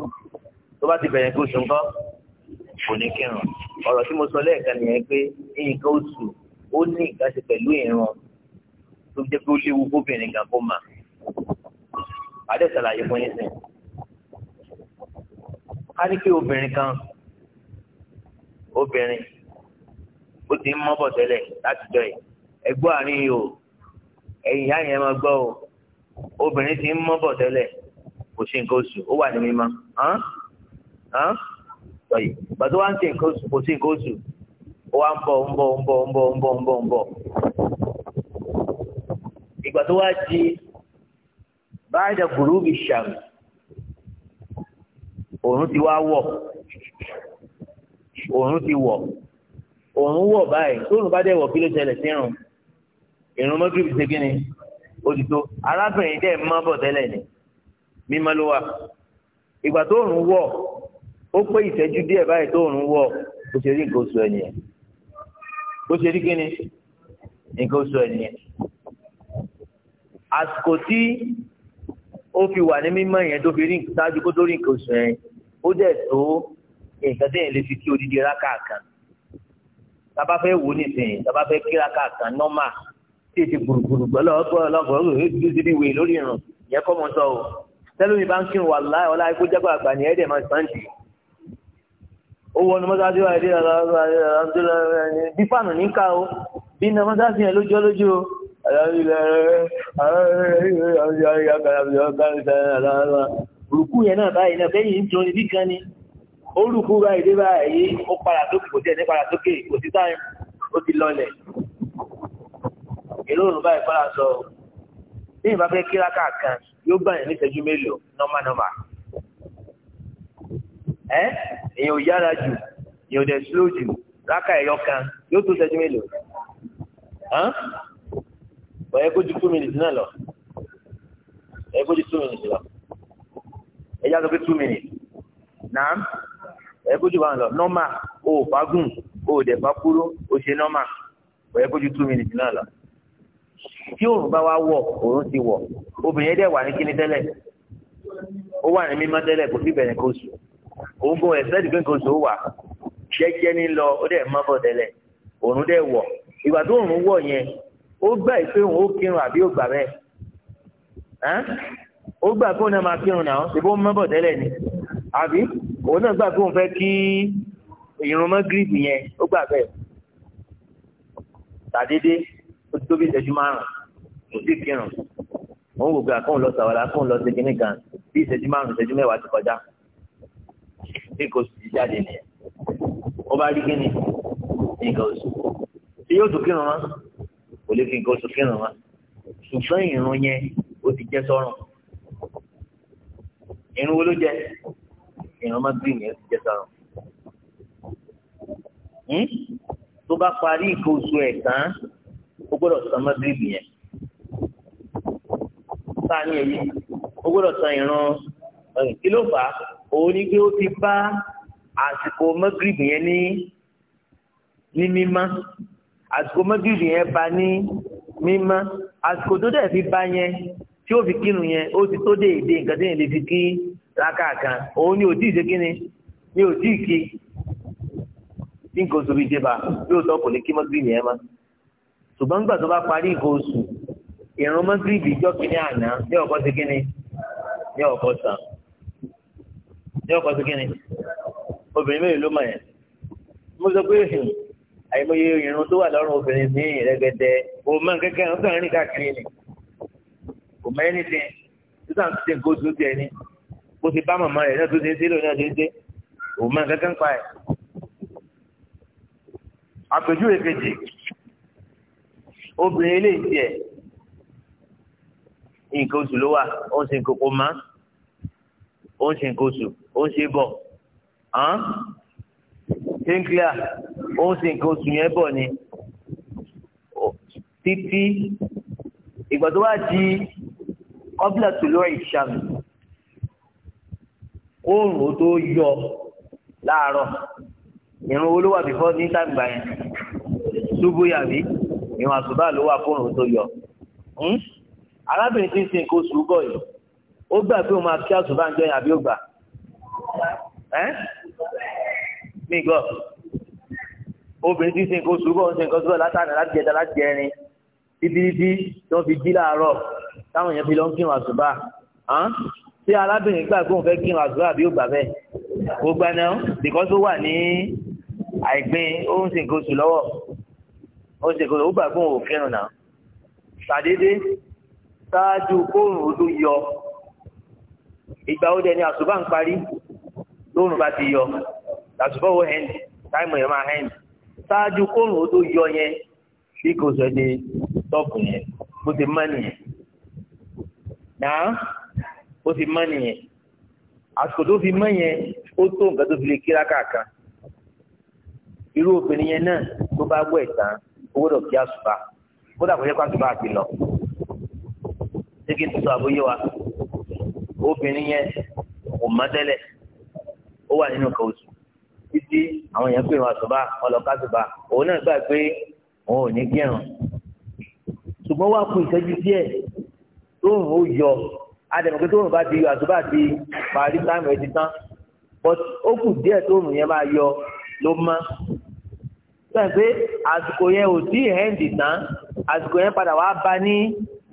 tó bá ti bẹ̀rẹ̀ nǹkan oṣù ńkọ́ kò ní kírun ọ̀rọ̀ tí mo sọ lẹ́ẹ̀kan nìyẹn pé nǹkan oṣù ó ní nǹkan ṣe pẹ̀lú ìran tó jẹ́ pé ó léwu fóbìnrin gan kó mà àdé ṣàlàyé fún yín sìn ká ní pé obìnrin kan obìnrin ó ti ń mọ́bọ̀ tẹ́lẹ̀ látijọ́ yìí ẹgbọ́n àárín yìí o ẹ̀yin ìyá yẹn máa gbọ́ o obìnrin ti ń mọ́ bọ̀ tẹ́lẹ̀ kò ṣe nǹkan oṣù ó wà ní mímọ́ sọyìn gbàtọ́ wá ń ṣe nǹkan oṣù kò ṣe nǹkan oṣù ó wá ń bọ̀ ń bọ̀ ń bọ̀ ń bọ̀ ń bọ̀ ń bọ̀ ń bọ̀ ìgbà tó wá di báyìí òun ti wá wọ̀ òun ti wọ̀ òun wọ̀ báyìí tóun bá dẹ̀ wọ̀ kí ló ṣẹlẹ̀ sí irun. ìrún mọ́gìrì ṣe kí ni òtítọ́ arábìnrin dẹ̀ mọ́ bọ̀ tẹ́lẹ̀ ni mímọ́ ló wà ìgbà tó òrùn wọ̀ ó pé ìṣẹ́jú díẹ̀ báyìí tó òrùn wọ̀ bó ṣe rí nǹkan oṣù ẹ̀ nìyẹn bó ṣe rí kí ni nǹkan oṣù ẹ̀ nìyẹn àsìkò tí ó fi wà ní mímọ́ yẹn tó fi rí ṣáájú kó tó rí nǹkan oṣù yẹn ó dẹ̀ tó nǹkan tẹ̀yìn lè fi kí odidi rákà kan wò nísìnyí tá kí rákà nọ́mà tí èsì gbùrùgbùrù gbọ́lọ́ ọgbọ́ ọlọ́gbọ́ ojú ti wè lórí ìrùn ìyẹn kọ́ mọ́ sọ o tẹ́lú mi bá ń kírun wà láì ọlá ikú jẹ́gbọ́ àgbà ní ẹ̀ẹ́dẹ̀ máa sàn jì ó wọ ọdún mọ́sáàsì wà dé bí fáànù ní ká o bí iná mọ́sáàsì yẹn lójú lójú o rùkú yẹn náà báyìí náà fẹ́yìn ń jọ níbí kan ni ó rùkú báyìí dé báyìí ó padà sókè kò sí ẹ̀ ní padà sókè kò sí táyì ó ti lọlẹ̀ èrò òrùn báyìí kọ́lá sọ o bí ìbá fẹ́ kí rákà kan yóò gbà yẹn níṣẹ́jú mélòó nọ́mà nọ́mà ẹ èyàn ò yára jù èyàn ò dẹ̀ slow jù rákà ẹ̀yọ kan yóò tó ṣẹ́jú mélòó hàn ọ̀yẹ́ kó ju two minutes náà lọ ẹ̀yẹ́ kó ju two minutes lọ ẹ̀yẹ́ àgbẹ̀ two minutes náà ẹ̀yẹ́ kó ju báwọn lọ nọ́mà o ò fagùn o ò dẹ̀ fa kúrò o ṣe nọ́mà ọ̀yẹ́ kó ju two minutes náà lọ tí òòrùn bá wá wọ̀ òòrùn ti wọ̀ obìnrin yẹn dẹ̀ wà ní kíni tẹ́lẹ̀ ó wà ní mímọ́ tẹ́lẹ̀ kò sí bẹ̀rẹ̀ kó sùn òun kò ẹ̀sẹ̀ dìgbẹ́ kó sùn ó wà jẹ́jẹ́ ní lọ ó dẹ̀ mọ́ bọ̀ tẹ́lẹ̀ òòrùn dẹ̀ wọ̀ ìgbà tó òòrùn wọ̀ yẹn ó gbà pé òun ó kírun àbí ó gbà bẹ́ẹ̀ ó gbà pé òun náà máa kírun náà ṣèbó mọ́ bọ̀ tẹ́lẹ̀ ni àbí òun náà gbà pé òun fẹ́ kí ìrun mọ́gírìbì yẹn ó gbà bẹ́ẹ̀ tàdédé ó tóbi ìṣẹ́jú márùn kò sí kírun òun gbogbo àkóhùn lọ sàwọlá àkóhùn lọ ṣèkínní kan bí ìṣẹ́jú márùn ìṣẹ́jú mẹ́wàá ti kọjá bí kò sì jáde nìyẹn ó bá rí kíni nǹkan oṣù tí yóò tún kírun wọn kò lè fi nǹkan oṣù kírun wọn ṣùgbọ́n ìrun yẹn ó ti jẹ́ sọ́run ìrun wo ló jẹ́ ìrun máa gbé yẹn ó ti jẹ́ sọ́run hmm? tó bá parí nǹkan oṣù ẹ̀ tán ó gbọ́dọ̀ sọ máa gbé yẹn sáà ní èyí ó gbọ́dọ̀ san ìran kí ló fà á òun ni pé ó ti bá àsìkò mọ́gìrìbì yẹn ní ní mímọ́ àsìkò mọ́gìrìbì yẹn bá ní mímọ́ àsìkò tó dẹ̀ fi bá yẹn tí ó fi kírun yẹn ó ti tó déédéé nǹkan tí yẹn lè fi kí lákàkàn òun ni ò tí ì ṣe kí ni ni ò tí ì kí nǹkan oṣù bíi jẹba yóò sọ kò ní kí mọ́gìrìbì yẹn mọ́ ṣùgbọ́n nígbà tó bá parí nǹkan oṣù ìrún mọ́gírìbì ìjọ kìíní àná ní ọ̀kọ́ sí kíni ní ọ̀kọ́ sàn ní ọ̀kọ́ sí kíni obìnrin mélòó ló mọ̀ yẹn mo sọ pé hmm, àìmọye irun tó wà lọ́rùn obìnrin ní ìrẹ́gẹ́dẹ́ kò mọ kẹ́kẹ́ ọ̀hún kàn rìn káàkiri ni kò mọ ẹni tẹ títà ń tẹ kó tó tẹ ni kó ti bá màmá rẹ̀ náà tó ṣe é sílò náà ṣe é dé kò mọ kẹ́kẹ́ ń pa ẹ̀. àpèjúwe kejì obìnrin eléyìí tiẹ̀ nǹkan oṣù ló wà ó ń ṣe nǹkan kò má ó ń ṣe nǹkan oṣù ó ń ṣe bọ̀ hàn sinclair ó ń ṣe nǹkan oṣù yẹn bọ̀ ni títí ìgbà tó bá di kọ́bílà tó lórí ìṣàmì oòrùn tó yọ láàárọ̀ ìrún wo ló wà bífọ́ ní tàgbà yẹn ṣubú yàrá ìrún àṣùbà ló wà fóòrùn tó yọ. Hmm? arábìnrin tí ń sin nǹkan oṣù gọ̀ yìí ó gbà pé òun máa kí àṣù bá ń jẹyìn àbí ó gbà ẹ́ mi gọ̀ obìnrin tí ń sin nǹkan oṣù gọ̀ ń sin nǹkan oṣù gọ̀ látàrí láti jẹta láti jẹrin títí tí wọ́n fi jí láàárọ̀ táwọn èèyàn fi lọ ń kírun àṣùbà tí arábìnrin gbà pé òun fẹ́ kírun àṣùbà àbí ó gbà bẹ́ẹ̀ ó gbà náà because ó wà ní àìgbín ó ń sin nǹkan oṣù lọ́wọ́ ó ń sin nǹkan oṣù ó gbà pé òun ò kírun náà ṣàdédé ṣáájú kóòrùn olú yọ ìgbà ó ni àṣùbà ń parí lóòrùn bá ti yọ àṣùbà táìmù yẹn máa kóòrùn olú yọ yẹn bí kò sọ de tọ́pù yẹn bó ti nìyẹn náà bó ti nìyẹn àsìkò tó fi mọ́ yẹn ó tó nǹkan tó fi lè kíra káàkan irú obìnrin yẹn náà tó bá tán kí yẹ sígi tó àbóyé wa obìnrin yẹn kò má tẹ́lẹ̀ ó wà nínú kan oṣù títí àwọn èèyàn pè wọn àtúbà ọlọ́kàtúbà òun náà gbà pé òun ò ní kírun ṣùgbọ́n wàá kú ìṣẹ́jú díẹ̀ tóun ó yọ adẹ̀mọ̀kẹ́ tóun bá ti yọ àtúbà ti parí táìmù ẹ ti tán but ó kù díẹ̀ tóun yẹn máa yọ ló mọ́ sọ pé àsìkò yẹn ò tí ì hẹ́ǹdì tán àsìkò yẹn padà wàá ba ní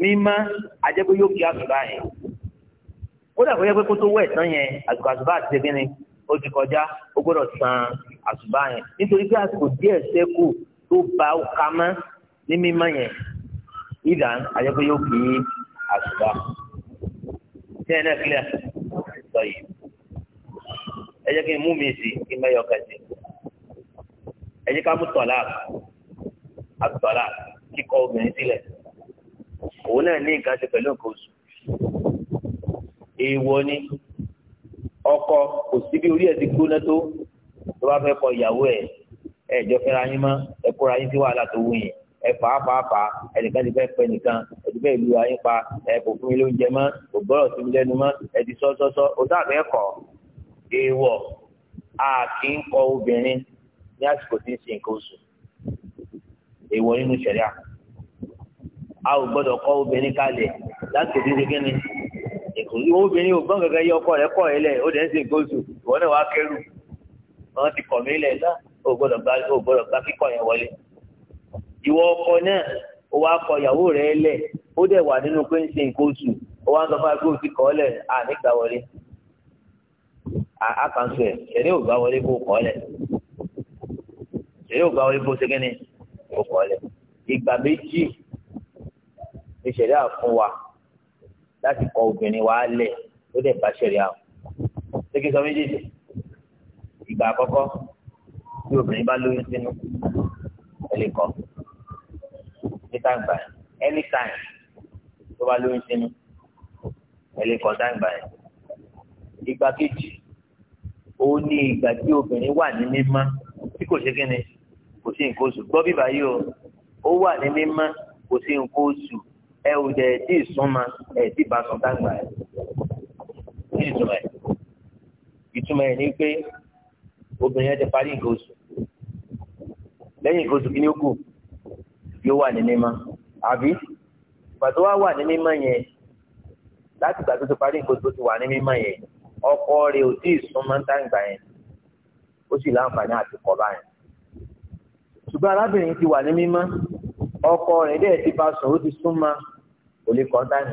mímọ́ ajẹ́pẹ́ yóò kí àsùbá yẹn ó dàgbọ́ yẹ pé kó tó wẹ̀ tán yẹn àsìkò àsùbá àti ṣẹ́gi ni ó ti kọjá ó gbọ́dọ̀ san àsùbá yẹn nítorí pé àsìkò díẹ̀ ṣẹ́kù tó bá ó ka mọ́ ní mímọ́ yẹn ìdá ajẹ́pẹ́ yóò kí àsùbá ṣé ẹ náà kílẹ̀ sọ yìí ẹ jẹ́ kí n mú mi sí kí n mẹ́yọ̀ kẹ́sì ẹ jẹ́ ká mú tọ̀lá àtọ̀lá kíkọ obìnrin sílẹ̀ òun náà ní nǹkan ṣe pẹ̀lú nǹkan oṣù èèwọ̀ ni ọkọ kò sí bí orí ẹ̀ ti gbóná tó tó bá fẹ́ kọ ìyàwó ẹ̀ ẹ̀ jọ fẹ́ra yín mọ́ ẹ kóra yín sí wàhálà tó wù yín ẹ fàá fàá fàá ẹnìkan ti fẹ́ pẹ́ nìkan ẹ ti fẹ́ ìlú ayín pa ẹ kò fún mi lóúnjẹ mọ́ kò gbọ́rọ̀ sí mi lẹ́nu mọ́ ẹ ti sọ́ sọ́ sọ́ o sáà kọ̀ èèwọ̀ a kì í kọ obìnrin ní àsìkò tí ń ṣe nǹkan oṣù èèwọ̀ nínú ṣẹ̀ríà àkọ́ a ò gbọ́dọ̀ kọ́ obìnrin kalẹ̀ láti òbí ṣe kíni obìnrin ò gbọ́n gẹ́gẹ́ yọ ọkọ rẹ̀ kọ́ ẹ lẹ̀ ó dẹ̀ ń ṣe gbóṣù ìwọ náà wá kẹrù wọn ti kọ̀ mí lẹ̀ náà ò gbọ́dọ̀ gba ò gbọ́dọ̀ gba kíkọ̀ yẹn wọlé ìwọ ọkọ náà ó wá kọ ìyàwó rẹ̀ lẹ̀ ó dẹ̀ wà nínú pé ń ṣe gbóṣù ó wá ń sọ fún o ti kọ́ lẹ̀ à nígbà wọlé àkànṣe ẹ̀ ṣẹ̀rí ò gbà wọlé kó kọ́ lẹ̀ ṣẹ̀rí ò gbà wọlé kó ṣe kíni kó kọ́ lẹ̀ ìgbà méjì ní ṣẹ̀ríà fún wa láti kọ obìnrin wa lẹ̀ ó dẹ̀ bá ṣẹ̀ríà ṣéke sọ méjèèjì ìgbà àkọ́kọ́ bí obìnrin bá lóyún sínú ẹ lè kọ ní táǹgbà anytime tó bá lóyún sínú ẹ lè kọ táǹgbà yẹn ìgbà kejì ó ní ìgbà tí obìnrin wà ní mímọ́ tí kò ṣe kí ni kò sí nǹkan oṣù gbọ́ bíbá yìí o ó wà ní mímọ́ kò sí nǹkan oṣù E ò dẹ̀ tí ì súnmọ́ dágbà ẹ kí ni ẹ ẹ pé obìnrin ti parí nǹkan oṣù lẹ́yìn nǹkan oṣù kí ni ó kù yóò wà ní mímọ́ àbí pàtó wá wà ní mímọ́ yẹn láti ìgbà tó ti parí nǹkan oṣù ti wà ní mímọ́ yẹn ọkọ rẹ ò tí dágbà yẹn ó sì láǹfààní àti ṣùgbọ́n arábìnrin ti lè kọ́ táìmù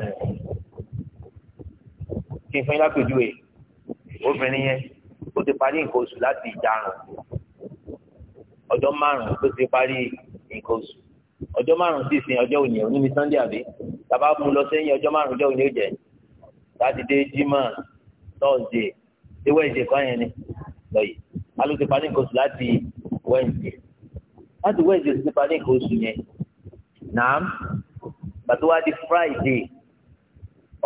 rẹ̀ kí n fún yín lápèjúwe obìnrin yẹn ó ti parí nǹkan oṣù láti ìjarun ọjọ́ márùn-ún tó ti parí nǹkan oṣù ọjọ́ márùn-ún sì sin ọjọ́ òní òní ní sunday àbí tàbá mú lọ sẹ́yìn ọjọ́ márùn-ún ọjọ́ òní ó jẹ́ sátidé jímọ̀ tọ́sídẹ̀ẹ́ ṣé wẹ́ẹ̀dẹ̀ kọ́ yẹn ni lọ́yẹ̀ alo ti parí nǹkan oṣù láti wẹ́ẹ̀dẹ̀ láti wẹ́ẹ̀dẹ̀ ti parí nǹkan oṣù yẹn nàá pàtó wá di friday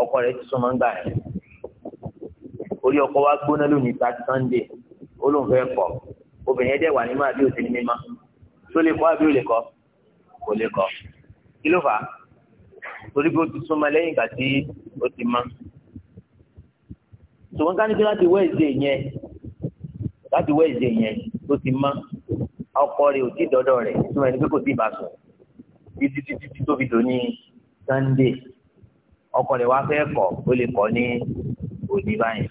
ọkọ rẹ̀ ti súnmọ́ ńgbà yẹn orí ọkọ wa gbóná lónìí ta sunday ó lóun fẹ́ kọ obìnrin yẹn dẹ̀ wà nínú àbí òsì ní mímá tó lè kọ́ àbí ò lè kọ́ kò lè kọ́ kí ló fà á torí pé ó ti súnmọ́ lẹ́yìn ìgbà tí ó ti mọ́ ṣùgbọ́n ká ní kí láti wẹ́ẹ̀dẹ̀ yẹn láti wẹ́ẹ̀dẹ̀ yẹn tó ti mọ́ ọkọ rẹ̀ ò tí dọ́dọ̀ rẹ̀ tí wọ́n ẹni pé kò tí ì bá sùn títí títí tó fi dòní Sunday ọkọ rẹ̀ wá fẹ́ kọ̀ ó lè kọ̀ ní òní báyìí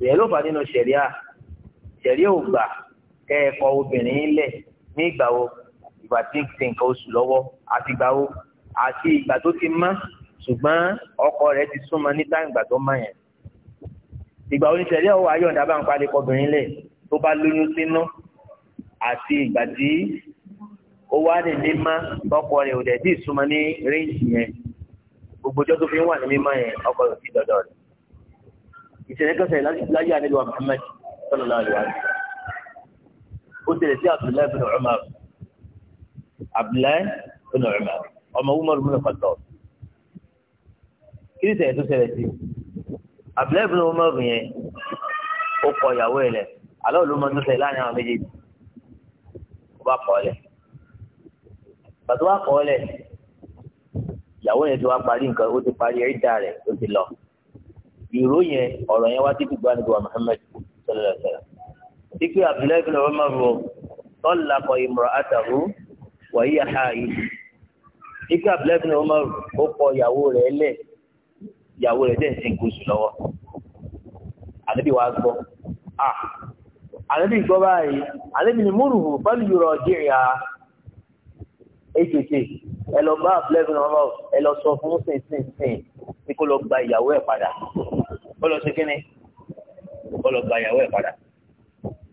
ìyẹn ló fà nínú ṣẹ̀ríà ṣẹ̀ríà ò gbà kẹ́ ẹ kọ obìnrin lẹ̀ ní ìgbà wo ìgbà tí ti nǹkan oṣù lọ́wọ́ àti ìgbà wo àti ìgbà tó ti mọ́ ṣùgbọ́n ọkọ rẹ̀ ti súnmọ́ ní táyì ìgbà tó mọ́ yẹn ìgbà wo ni ò wá yọ̀ǹda bá ń palẹ̀ kọ obìnrin lẹ̀ tó bá lóyún sínú àti ìgbà tí ó wá ní mímọ́ tọkọ rẹ̀ ò dẹ̀ tí ì ní réǹjì yẹn gbogbo ọjọ́ tó fi ń wà ní mímọ́ yẹn ọkọ rẹ̀ sí dọ́dọ̀ rẹ̀ ìṣẹ̀lẹ̀ kẹsẹ̀ láyé àdéhùn Muhammad sallallahu alaihi wasallam ó tẹ̀lẹ̀ sí Abdullahi bin Umar Abdullahi bin Umar ọmọ Umar bin Khattab kí ni ìṣẹ̀lẹ̀ tó ṣẹlẹ̀ sí Abdullahi bin Umar yẹn ó kọ ìyàwó ẹ̀ lẹ̀ alọ́ ló máa ń tó láàrin àwọn méjèèjì ó bá kọ́ ọ lẹ̀ bàtú bá kọ́ ọ lẹ̀ ìyàwó yẹn ti wá parí nǹkan ó ti parí ẹ̀dá rẹ̀ ó ti lọ ìró yẹn ọ̀rọ̀ yẹn wá títí gba nígbà Muhammad sallallahu alaihi wasallam ike Abdullahi bin Umar rọ tọ́lá kọ imra'atahu wa hiya haid ike Abdullahi bin Umar ó kọ ìyàwó rẹ̀ lẹ̀ ìyàwó rẹ̀ dẹ̀ ń sin kóṣù lọ́wọ́ àdébí wàá gbọ́ ah àdébí gbọ́ báyìí àdébí ni múrùhù ẹ lọ bá àbúlẹ́bí náà bá ẹ lọ sọ fún sìnsìnsìn ní kó lọ gba ìyàwó ẹ̀ padà ó lọ ṣe kíni ó lọ gba ìyàwó ẹ̀ padà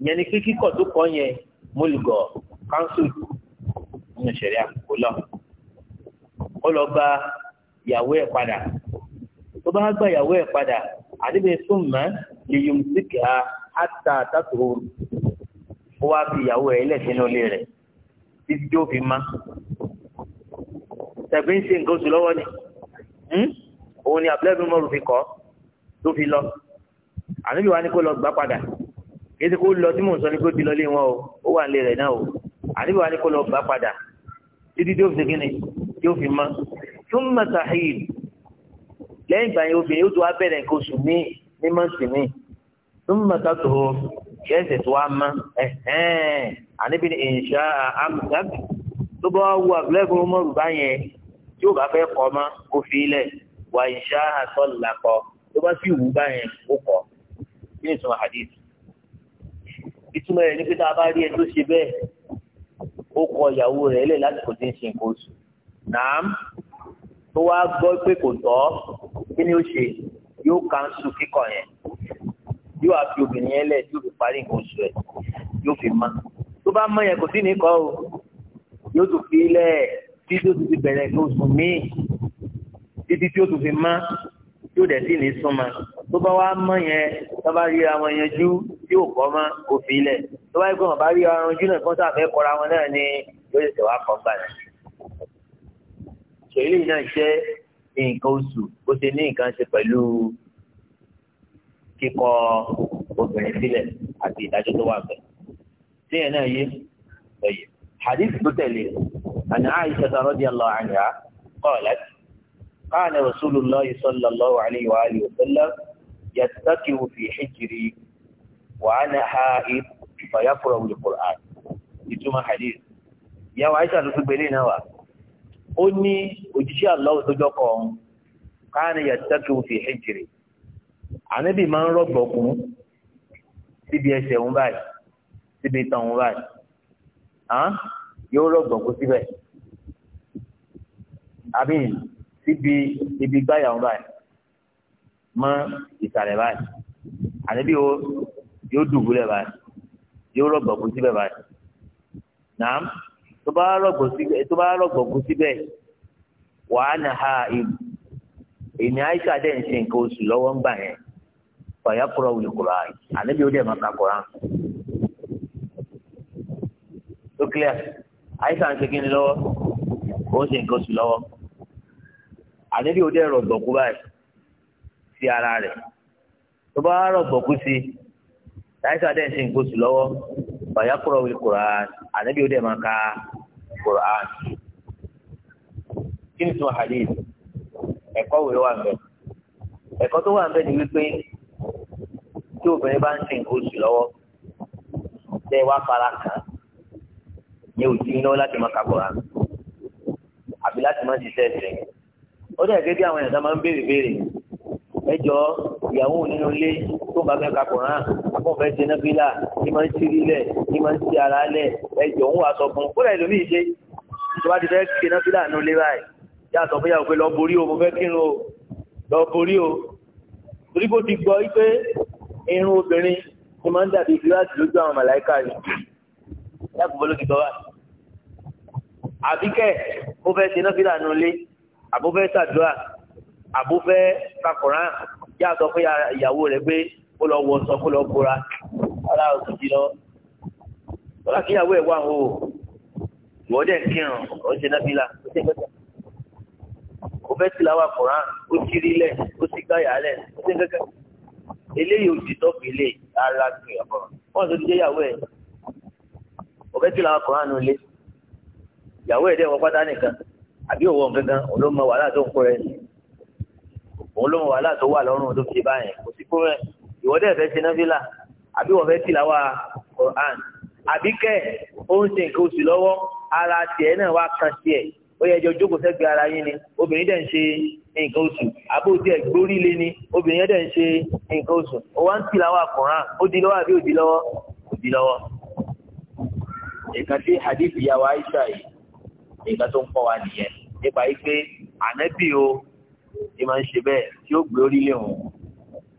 yẹn ni pé kíkọ̀ tó kọ́ yẹn múlùgọ̀ kánsù nínú ìṣẹ̀lẹ̀ àkókò lọ ó lọ gba ìyàwó ẹ̀ padà tó bá gba ìyàwó ẹ̀ padà àdébẹ̀ súnmọ́ lè yọ̀ sí kìá àtà àtàtò ó wá fi ìyàwó ẹ̀ lẹ̀ sínú ilé rẹ̀ títí tó fi má tẹ̀bí ń ṣe nǹkan oṣù lọ́wọ́ ni hmm? òun ni abúlé bí mọ́rù fi kọ́ tó fi lọ àníbi wa ni kó lọ gbà padà kí ẹsẹ̀ kó lọ tí mò ń sọ ni kó ti lọ lé wọn o ó wà lé rẹ̀ náà o àníbi wa ni kó lọ gbà padà títí tí ó fi segin ni tí ó fi mọ́ tún mọ̀tà hìl lẹ́yìn ìgbà yẹn obìnrin yóò tó wá bẹ̀rẹ̀ nǹkan oṣù míì ní mọ̀ọ́sì míì tún mọ̀tà tó yẹ́sẹ̀ tó wá mọ́ ẹ̀hẹ́n àníbi ni insha Allah tó bá wù abúlẹ́gùn mọ́rù báyẹn tí ó bá fẹ́ kọ́ mọ́ kó fi ilẹ̀ wà ìṣá àtọ́lùlà kọ tó bá sì wù báyẹn ó kọ́ kí ni ìtumọ̀ hadith ìtumọ̀ rẹ̀ ní pé tá a bá rí ẹ tó ṣe bẹ́ẹ̀ ó kọ ìyàwó rẹ̀ lẹ̀ lásìkò tí ń ṣe nǹkan oṣù nàám tó wá gbọ́ pé kò tọ́ kí ni ó ṣe yóò kánṣu kíkọ yẹn yóò wá fi obìnrin yẹn lẹ̀ yóò fi parí nǹkan oṣù rẹ̀ yóò fi mọ́ tó bá mọ́ yẹn kò sí ní kọ́ o yóò tún fi lẹ̀ o tó ti bẹ̀rẹ̀ kó sùn míì títí tí ó tún fi má tí ó dẹ̀ sì ní súnmọ́ tó bá wá mọ̀ yẹn tó bá rí àwọn yẹn jú tí ò kọ́ mọ́ kò fi lẹ̀ tó bá yẹ kó wọn bá rí àwọn jú náà kó sàfẹ́ kọ́ra wọn náà ni yóò ṣẹ̀ṣẹ̀ wá kọ́ gbà náà. sòrí náà jẹ́ nǹkan oṣù ó ṣe ní nǹkan ṣe pẹ̀lú kíkọ obìnrin sílẹ̀ àti ìdájọ́ tó wà bẹ́ẹ̀. tíyẹn náà yé ẹ̀yẹ̀. حديث بتلي عن عائشة رضي الله عنها قالت قال رسول الله صلى الله عليه وآله وسلم يتكئ في حجري وأنا حائض فيقرأ القرآن ìtumọ̀ hadith ìyàwó àìsàn ló fi gbélé náà wá ó ní òjíṣẹ́ Allah tójọ́ kan káàní yàtúntàkì òfin hijri ànábì máa ń rọ̀gbọ̀kún síbi ẹsẹ̀ òun báyìí síbi ìtàn òun báyìí yóò rọ̀gbọ̀n kó síbẹ̀ àbí síbi ibi gbáyà wọn báyìí mọ́ ìsàlẹ̀ báyìí àníbí o yóò dùbúlẹ̀ báyìí yóò rọ̀gbọ̀n kó síbẹ̀ báyìí nàám tó bá rọ̀gbọ̀n síbẹ̀ tó bá rọ̀gbọ̀n kó síbẹ̀ wàá nà ha ìlú èmi àyíká dẹ̀ ń ṣe nǹkan oṣù lọ́wọ́ ń gbà yẹn fàyà kúrọ̀ wùlùkúrọ̀ àyè àníbí o dẹ̀ máa ka Kùránì. clear àyíṣà ń ṣe kí ni lọ́wọ́ ó ń ṣe nǹkan oṣù lọ́wọ́ àdébí òde rọ̀gbọ̀kú báyìí sí ara rẹ tó bá rọ̀gbọ̀kú sí àyíṣà dẹ̀ ṣe nǹkan oṣù lọ́wọ́ bàyá kúrọ̀ wí kùrán àdébí òde máa ka kí ni tún hadith yẹ òtí iná láti máa kàkọ́ra àbí láti máa ṣiṣẹ́ ẹsẹ̀ ó dẹ̀ gẹ́gẹ́ bí àwọn èèyàn tó máa ń béèrè béèrè ẹjọ́ ìyàwó nínú ilé tó ń bá fẹ́ kakọ̀rọ̀ hàn àkọ́fẹ́ ṣe náà bílà ní máa ń ṣírí lẹ̀ ní máa ń ṣí ara lẹ̀ ẹjọ́ ń wà sọ fún un kó lẹ́yìn lómi ṣe ìjọba ti fẹ́ ṣe náà bílà nínú ilé báyìí yá sọ fún yàwó pé lọ borí o mo fẹ́ kírun o lọ borí o torí kó ti gbọ́ wípé irun obìnrin ti máa ń dàbí gíláàsì lójú àwọn màláìkà yìí dákun bọ́ ló ti gbọ́ wá. àbíkẹ́ ó fẹ́ ṣe náfìlà nù lé àbó fẹ́ ṣàdúrà àbó fẹ́ kakọ̀rá yá sọ fún ìyàwó rẹ̀ pé kó lọ wọ sọ kó lọ bora ọlá òsì ti lọ. ọlá kíyàwó ẹ̀ wà o wọ́n dẹ̀ kírun ó ṣe náfìlà ó ṣe mẹ́ta ó fẹ́ tìláwà kọ̀rá ó kiri lẹ̀ ó sì gbáyà lẹ̀ ó ṣe kẹ́kẹ́ eléyìí ò ti tọ́ fi lè ara gbìyànjú wọn tó ti jẹ́ ìyàwó ẹ̀ fẹ́ tí làwọn kọ̀ọ̀rán nù lé ìyàwó ẹ̀dẹ́ wọ pátá nìkan àbí òwò nǹkankan òun ló mọ wàhálà tó ń kó rẹ̀ nìyẹn òun ló mọ wàhálà tó wà lọ́rùn tó fi báyẹn kò sí kó rẹ̀ ìwọ́dẹ̀ fẹ́ ṣe náfìlà àbí wọ́n fẹ́ tí làwọn kọ̀ọ̀rán àbí kẹ́ ó ń ṣe nǹkan oṣù lọ́wọ́ ara tiẹ̀ náà wá kan sí ẹ̀ ó yẹ jọ jókòó sẹ́gbẹ̀ẹ́ ara yín ni obìnrin dẹ̀ ń ṣe nǹkan oṣù àbóòtí ẹ̀ gbórí lé ni obìnrin dẹ̀ ń ṣe nǹkan oṣù ó wá ń tì láwọn àkùnrán ó di lọ́wọ́ àbí ó di lọ́wọ́ ó di lọ́wọ́ nǹkan tí hadith ìyá wa Aisha yìí nǹkan tó ń kọ́ wa nìyẹn nípa yìí pé ànábì o ti máa ń ṣe bẹ́ẹ̀ tí ó gbé orílẹ̀ òun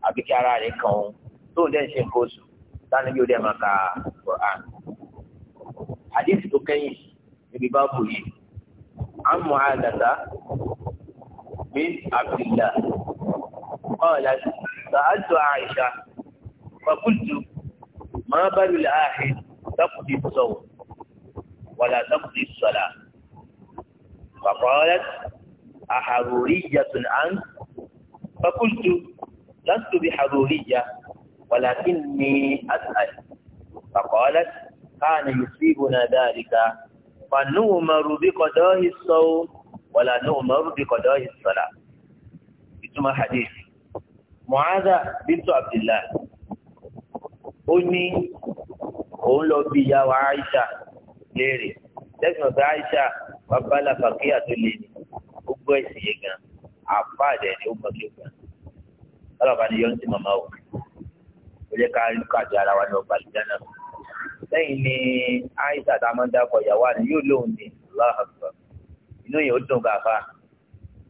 àbí kí ara rẹ̀ kàn òun tó ń dẹ́ ṣe nǹkan oṣù táni bí ó dẹ́ máa ka Quran. hadith tó kẹ́yìn níbi báàbù yìí àmọ́ àdàtà min Abdillah qala sa'altu Aisha fa qultu ma balu al-ahid taqdi as ولا تقضي الصلاة فقالت أحرورية أنت فقلت لست بحرورية ولكني أسأل فقالت كان يصيبنا ذلك فنؤمر بقضاء الصوم ولا نؤمر بقضاء الصلاة ثم حديث معاذة بنت عبد الله أني ní òun يا bí Leere, Aisha babalá fàkíyà tó lé ní gbogbo yẹn gan ni ó màmá o ó Aisha tá a máa ń dákọ ìyàwó àná yóò lóun ní lọ́hàbọ̀ inú yẹn ó dùn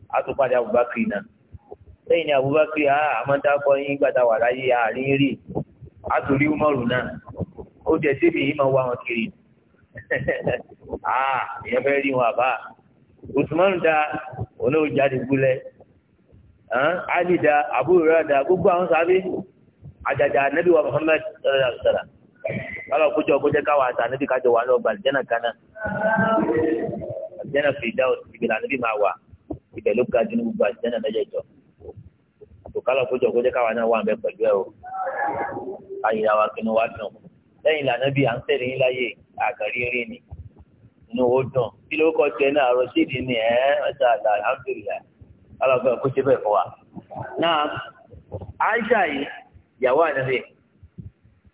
Abubakar lẹ́yìn Abubakar a máa ń yín gbàdá àárín rí Umaru náà ó jẹ síbi yìí máa wá wọn aa [LAUGHS] ah, ìyẹn fẹ́ rí wọn àbá Usman da oníwò jáde gbúlẹ̀ Ali da Abu Hurairah da gbogbo àwọn sábẹ́ àjàjà anabi wa Muhammad sallallahu alaihi wa sallam kálọ kójọ kójọ káwa àti anabi kájọ wà lọ́gbà àlùjẹ́nà kaná àlùjẹ́nà fìdá ìbìlà anabi máa wà ibẹ̀ ló ga jùlọ gbogbo àlùjẹ́nà mẹ́jẹ̀ẹ̀jọ kò kálọ kójọ kójọ káwa náà wà ń bẹ pẹ̀lú ẹ o ayé wa kinu wa dùn lẹ́yìn lànà bí à ń tẹ̀lé yín láyé àkàrírí ni inú ó dùn kí ló kọ́ tiẹ̀ náà rọ́ṣídìí ni ẹ̀ ọ́sà àlà alhamdulilayi alábẹ́ kó ṣe bẹ́ẹ̀ fún wa. Aisha yìí ìyàwó àdàbẹ̀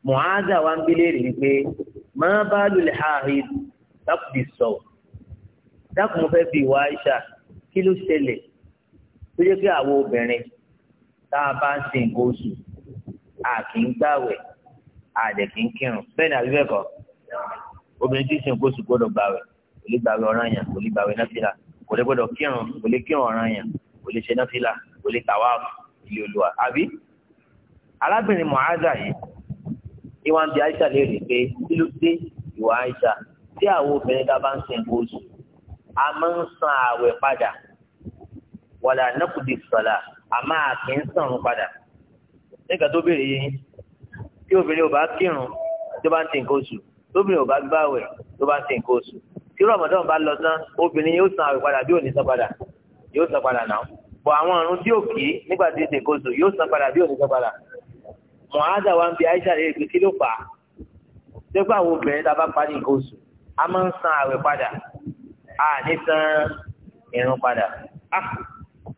muhaza wa ń bílẹ̀ rí pé máa bá lulẹ̀ ààrin dákùdì sọ̀rọ̀ dákùn mo fẹ́ bí Aisha kí ló ṣẹlẹ̀ tó yẹ kí àwọn obìnrin tá a bá ń a obìnrin tí ń sìn kó sì gbọ́dọ̀ gbàwẹ̀ kò lè gbàwẹ̀ ọ̀ranyàn kò lè gbàwẹ̀ náfìlà kò lè gbọ́dọ̀ kírun kò lè kírun ọ̀ranyàn kò lè ṣe náfìlà kò lè tàwáàfù ilé olúwa àbí. arábìnrin muhaza yìí ìwà ń bi aisha léèrè pé kí ló dé ìwà aisha tí àwọn obìnrin tá a ń sìn kó a máa ń san ààwẹ̀ padà wàlà nàkùdì sọ̀là a máa kì í sàn padà nígbà tó béèrè yìí tí obìnrin ò bá kírun tó bá ń sìn kó lóbìnrin ò bá gbààwẹ̀ tó bá ṣe nǹkan oṣù tí rọmọdún bá lọ tán obìnrin yóò san àwẹ̀ padà bí ò ní san padà yóò san padà náà bọ̀ àwọn àrùn tí ò kí nígbà tí ètè kóso yóò san padà bí ò ní san padà mọ̀hádà wa ń bi Aisha lè gbé kí ló fà á dẹ́gbà wo bẹ̀rẹ̀ tá a bá parí nǹkan oṣù a máa ń san àwẹ̀ padà a ní san irun padà a ah,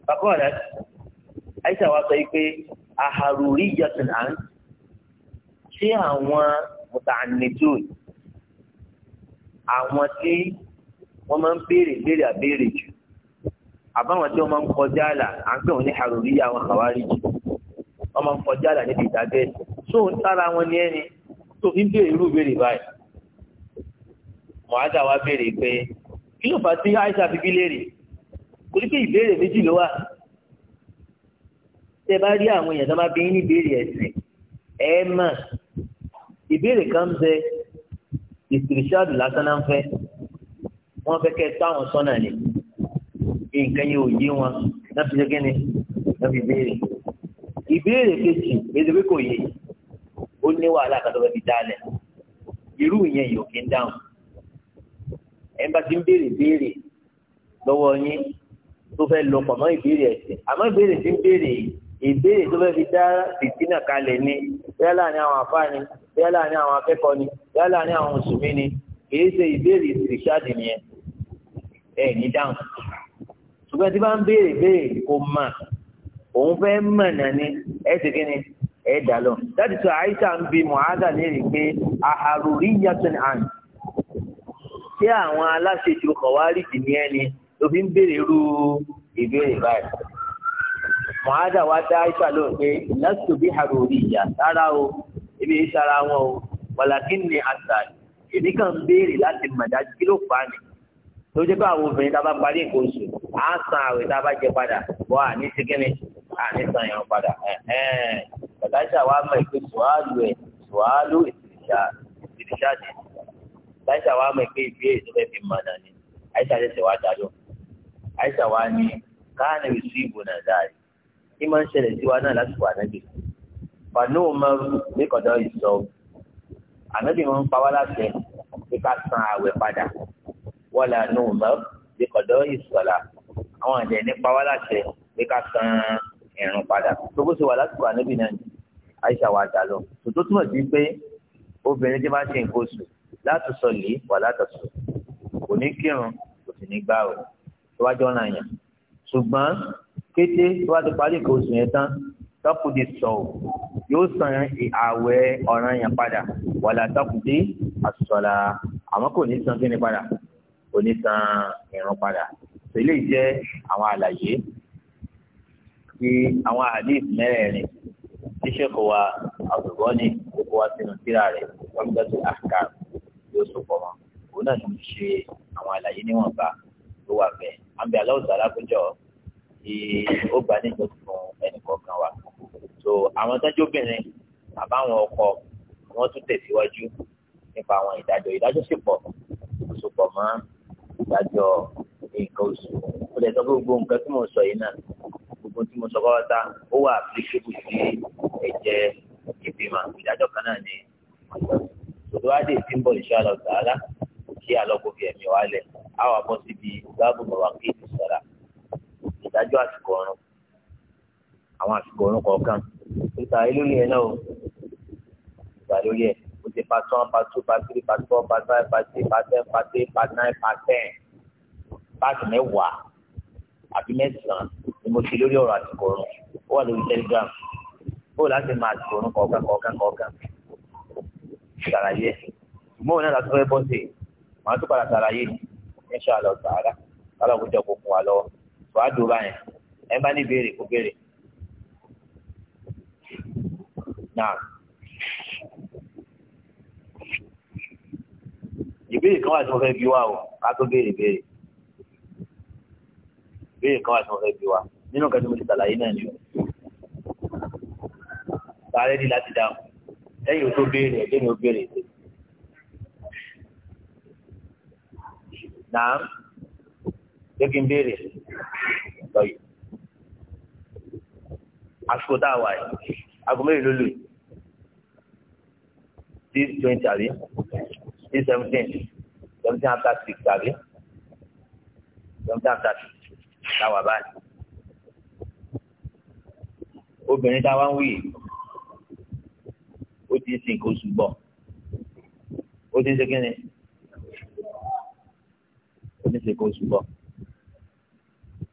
bàbá ọ̀rẹ́ Aisha wa sọ yìí pé àhàrùrí yàtọ̀ náà ṣé àwọn mùtàánìtò yìí àwọn tí wọ́n máa ń béèrè béèrè àbéèrè jù àbáwọn tí wọ́n máa ń kọjá àlà à ń pè wọ́n ní àròríyá àwọn àwárí jù wọ́n máa ń kọjá àlà níbi ìdájọ́ ẹ̀ tó ń tára wọn ní ẹni tó fi ń béèrè irú béèrè báyìí mọ̀ádà wa béèrè pé kí ló fà á sí Aisha fi bí léèrè kò ní kí ìbéèrè méjì ló wà tẹ bá rí àwọn èèyàn tó bá bí ní ìbéèrè ẹ̀sìn ẹ mà ìbéèrè kan bẹ ìsìrìṣàdù lásán náà ń fẹ́ wọ́n fẹ́ kẹ́ táwọn sọ́nà ni nǹkan yẹn ò yé wọn láti ṣe kíni láti béèrè ìbéèrè kejì èdèbí kò yé ó ní wàhálà kan tó fẹ́ fi dálẹ̀ irú ìyẹn yìí ò kí ń dáhùn ẹ̀ ń bá ti ń béèrè béèrè lọ́wọ́ yín tó fẹ́ lọ pọ̀ mọ́ ìbéèrè ẹ̀sìn àmọ́ ìbéèrè ti ń béèrè ìbéèrè tó fẹ́ fi dá fìtínà kalẹ̀ ni bẹ́ẹ̀ láàrin àwọn àfáà yálà ní àwọn akẹ́kọ̀ọ́ ni yálà ní àwọn mùsùlùmí ni kìí ṣe ìbéèrè ìrìṣàdì nìyẹn ẹ ní dáhùn ṣùgbọ́n tí bá ń béèrè béèrè kò mà òun fẹ́ mọ̀ náà ni ẹ ti kí ni ẹ dà lọ láti sọ àyíṣà ń bi mọ̀hádà léèrè pé àhàròrí yàtọ̀ni àn ṣé àwọn aláṣejù kọ̀wárìtì ni ẹni ló fi ń béèrè irú ìbéèrè báyìí mọ̀hádà wa dá àyíṣà lóhùn pé lásìkò bí àhàròrí ìyá rárá o èmi ń ṣara wọn o wàlàkì ní àṣà èmi kàn ń béèrè láti mọ̀ dájú kí ló fà á ni tó jẹ́ pé àwọn obìnrin tá a bá parí nǹkan oṣù à ń san àwẹ̀ tá a bá jẹ padà bọ́ àní síkínní àní san ìran padà bàtà ṣàwá mọ̀ ìpè sùwàlù ẹ̀ sùwàlù ìsìrìṣà ìsìrìṣà ni àìsà wa mọ̀ pé ìbéèrè tó fẹ́ fi mọ̀ náà ni àìsà ṣẹ̀ṣẹ̀ wá dá lọ. àìsà wa ni káàní ìṣú ìbò náà dáa yìí. ní máa ń ṣẹlẹ̀ sí wa náà lásìkò ànágbè fàánù òmàrú lẹ́kọ̀dọ̀ ìsọ ànábì wọn ń pa wá láṣẹ pé ká san àwẹ̀ padà wọ́n là nù òmàrú lẹ́kọ̀dọ̀ ìsọ̀là àwọn àjẹ́ ní pa wá láṣẹ pé ká san ìrun padà gbogbo ṣe wà lásìkò ànábì náà ni àyíṣà wà dà lọ tòótọ́ túmọ̀ sí pé obìnrin tí bá ṣe nǹkan oṣù láti sọ lè wà látọ̀sọ kò ní kírun kò sì ní gbààwẹ̀ tó wájú ọ̀nà yẹn ṣùgbọ́n kété tó bá ti parí nǹkan yẹn tán tọkùdì sọ̀ọ̀ yóò san ààwẹ̀ ọ̀ràn yẹn padà wàlà tọkùdì àsọ̀là àmọ́ kò ní san kíni padà kò ní san ìrun padà tẹ́lẹ̀ jẹ́ àwọn àlàyé ti àwọn hadith mẹ́rẹ̀ẹ̀rin tí sẹ́kọ̀ wa àwùjọ ní kókó wa sínú tírà rẹ̀ wọ́n gbẹ́tù àkà yóò sọ pọ̀ mọ́ òun náà ti ṣe àwọn àlàyé níwọ̀nba tó wà bẹ́ẹ̀ àbí aláwùjọ alákòjọ́ tí ó gbà ní ìjọsìn fún ẹnìkọ̀ọ̀kan wa so àwọn tọ́jú obìnrin àbáwọn ọkọ wọ́n tún tẹ̀síwájú nípa àwọn ìdájọ́ ìdájọ́ sì pọ̀ sì pọ̀ mọ́ ìdájọ́ nǹkan oṣù ó lè sọ pé gbogbo nǹkan tí mo sọ yìí náà gbogbo tí mo sọ pátá ó wà àplikébù sí ẹ̀jẹ̀ ìbímọ ìdájọ́ kan náà ni tòtò wá dé símbọ̀ ìṣọ́ àlọ́ tààlà kí àlọ́ ẹ̀mí wálẹ̀ á wà síbi báàbù bàbá kéèkì sọ̀rọ̀ ìdájọ́ àsìkò ọ̀run àwọn àsìkò ọ̀run kọ̀ọ̀kan ìgbà lórí ẹ̀ náà o ìgbà lórí ẹ̀ o ti part one part two part three part four part five part six part seven part eight part nine part ten part mẹ́wàá àbí mẹ́sàn-án ni mo ṣe lórí ọ̀rọ̀ àsìkò ọ̀run ó wà lórí telegram ó láti máa àsìkò ọ̀run kọ̀ọ̀kan kọ̀ọ̀kan kọ̀ọ̀kan ṣàlàyé ṣùgbọ́n òun náà láti fẹ́ bọ́ sí i màá tún padà ṣàlàyé ní ṣàlọ́ sàárà kálọ̀ kó jẹ́ kó fún wa lọ́wọ́ wàá dùn báyẹn ẹ bá ní béèrè kó béèrè. náà ìbéèrè kan wà tí mo fẹ́ bi wá o ká tó béèrè béèrè ìbéèrè kan wà tí mo fẹ́ bi wá nínú kan tí mo ti ṣàlàyé náà ni o sáré ní láti dáhùn lẹ́yìn tó béèrè ẹ̀ lẹ́yìn ó béèrè ṣe pé kí n béèrè lọ yìí àsìkò tá a wà yìí aago mélòó ló lù yìí six twenty àbí six seventeen seventeen after six àbí seventeen after six táwa báyìí obìnrin táwa ń wí yìí ó ti ń sin nǹkan ó ti ṣe kí ni ó ti ń sin nǹkan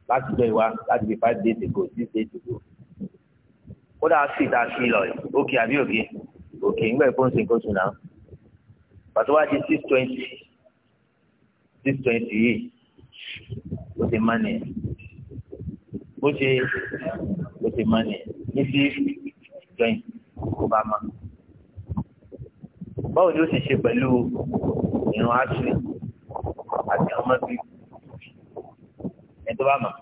láti jọ ìwà láti fi five days ago six days ago ó dáa sí ìta sí lọ yìí òkè àbí òkè òkè ńgbà ìfowópamọ́ sí nǹkan oṣù náà pàtó wá di six twenty six twenty yìí ó ti má nìyẹn bó ṣe ó ti má ní six twenty kó bá má báwo ni ó sì ṣe pẹ̀lú ìrún àṣírí àti àwọn ọmọ bíbí ẹni tó bá mọ̀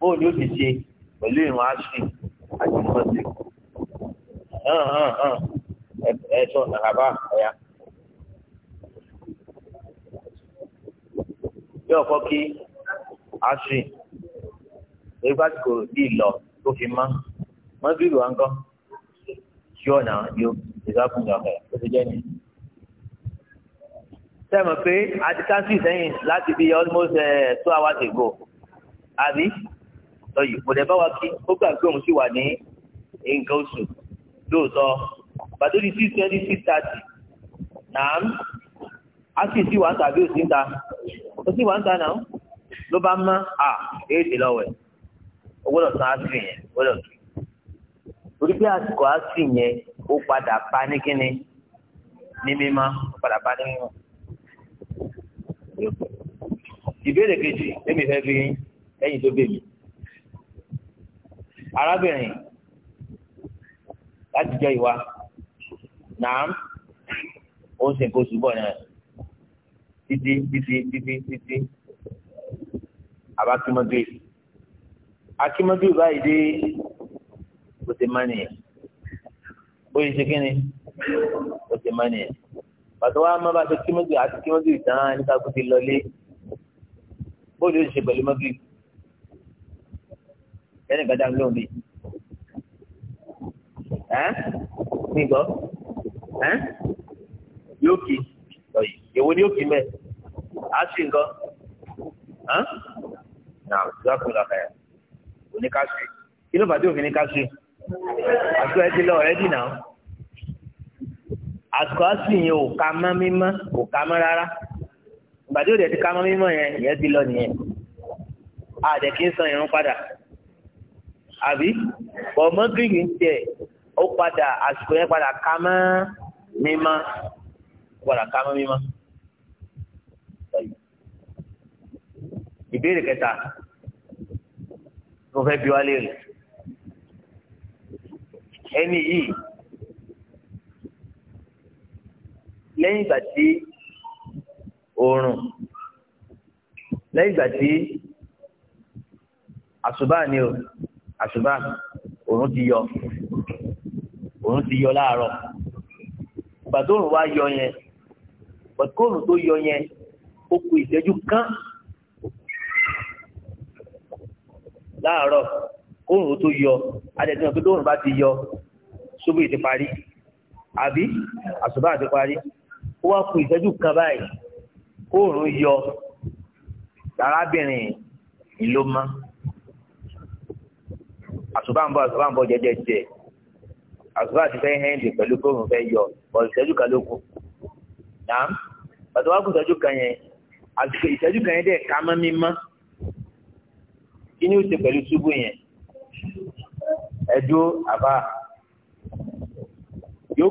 bóun ni ó ti ṣe pẹ̀lú ìrún aṣọ àti mọ́tì ẹ̀sọ́ àbá ẹ̀yà. yóò kọ́ kí aṣọ èyí bá ti kò bí lọ tó fi mọ́ mọ́tì ìlú wa ń kọ́ ṣíọ̀nà yóò ìgbà kùnà ọ̀hẹ́ ó ti jẹ́ nìyí sẹ́mi pé àti káńsì sẹ́yìn láti bí almost eh, two hours ago àbí lọ́yìn kò dẹ̀ bá wa kí ó gbà pé òun sì wà ní nǹkan oṣù lóòótọ́ bàtóri six twenty six thirty náà á sì sí wà ń tàbí òsì ń ta ó sì wà ń ta náà ló bá mọ́ à éèdè lọ́wọ́ ẹ̀ ó gbọ́dọ̀ san àsìrì yẹn gbọ́dọ̀ kí torí pé àsìkò àsìrì yẹn ó padà pa ní kíni ní mímọ́ ó padà pa ní mímọ́ ìbéèrè kejì èmi fẹ́ fi ẹ̀yìn tó bèmí arábìnrin láti jọ ìwà nàám ó ń sìnkó ṣùgbọ́n náà títí títí títí títí abakimagbe akimagbe báyìí dé kò tẹ mánì yẹn bóyá ṣe kí ni kò tẹ mánì yẹn pàtó wa má bàtọ kimagbe àti kimagbe tán nípa kó ti lọlé. bóòlù yóò ṣe pẹ̀lú magrib ẹnì kan dáhùn lóhùn mi mi gbọ́ yóò kí èwo ni yóò kí mẹ́ á sì ń gọ́ náà kí ló bá tí òfin ní àti ẹ ti lọ dì náà ìgbàdí òde ti kámọ́ mímọ́ yẹn ìyẹn ti lọ nìyẹn àdẹ kí ń san irun padà àbí bọ̀mọ́ gírígì ń tiẹ̀ ó padà àsìkò yẹn padà kámọ́ mímọ́ padà kámọ́ mímọ́. ìbéèrè kẹta mo fẹ́ bi wá léèrè ẹni yìí lẹ́yìn ìgbà tí oorun lẹ́yìn ìgbà tí àṣùbà ni o àṣùbà oorun ti yọ oorun ti yọ láàárọ̀ ìgbà tó oorun wá yọ yẹn pẹ̀kóòrùn tó yọ yẹn ó ku ìṣẹ́jú kan láàárọ̀ kóòrùn tó yọ adẹ̀tí wọn pé tóòrùn bá ti yọ ṣubú ti parí àbí àṣùbà ti parí ó wá ku ìṣẹ́jú kan báyìí kóòrùn yọ arábìnrin ìlú mọ́ àṣùbàǹbọ̀ àṣùbàǹbọ̀ jẹ́jẹ́ ti fẹ́ hẹ́ndì pẹ̀lú kóòrùn yọ bọ̀dù ìṣẹ́jú kan ló kù nàám bàtà wà kù ìṣẹ́jú kan yẹn kan yẹn ká mi kí ni ó ṣe pẹ̀lú ṣubú yẹn ẹ̀dúró àbá yóò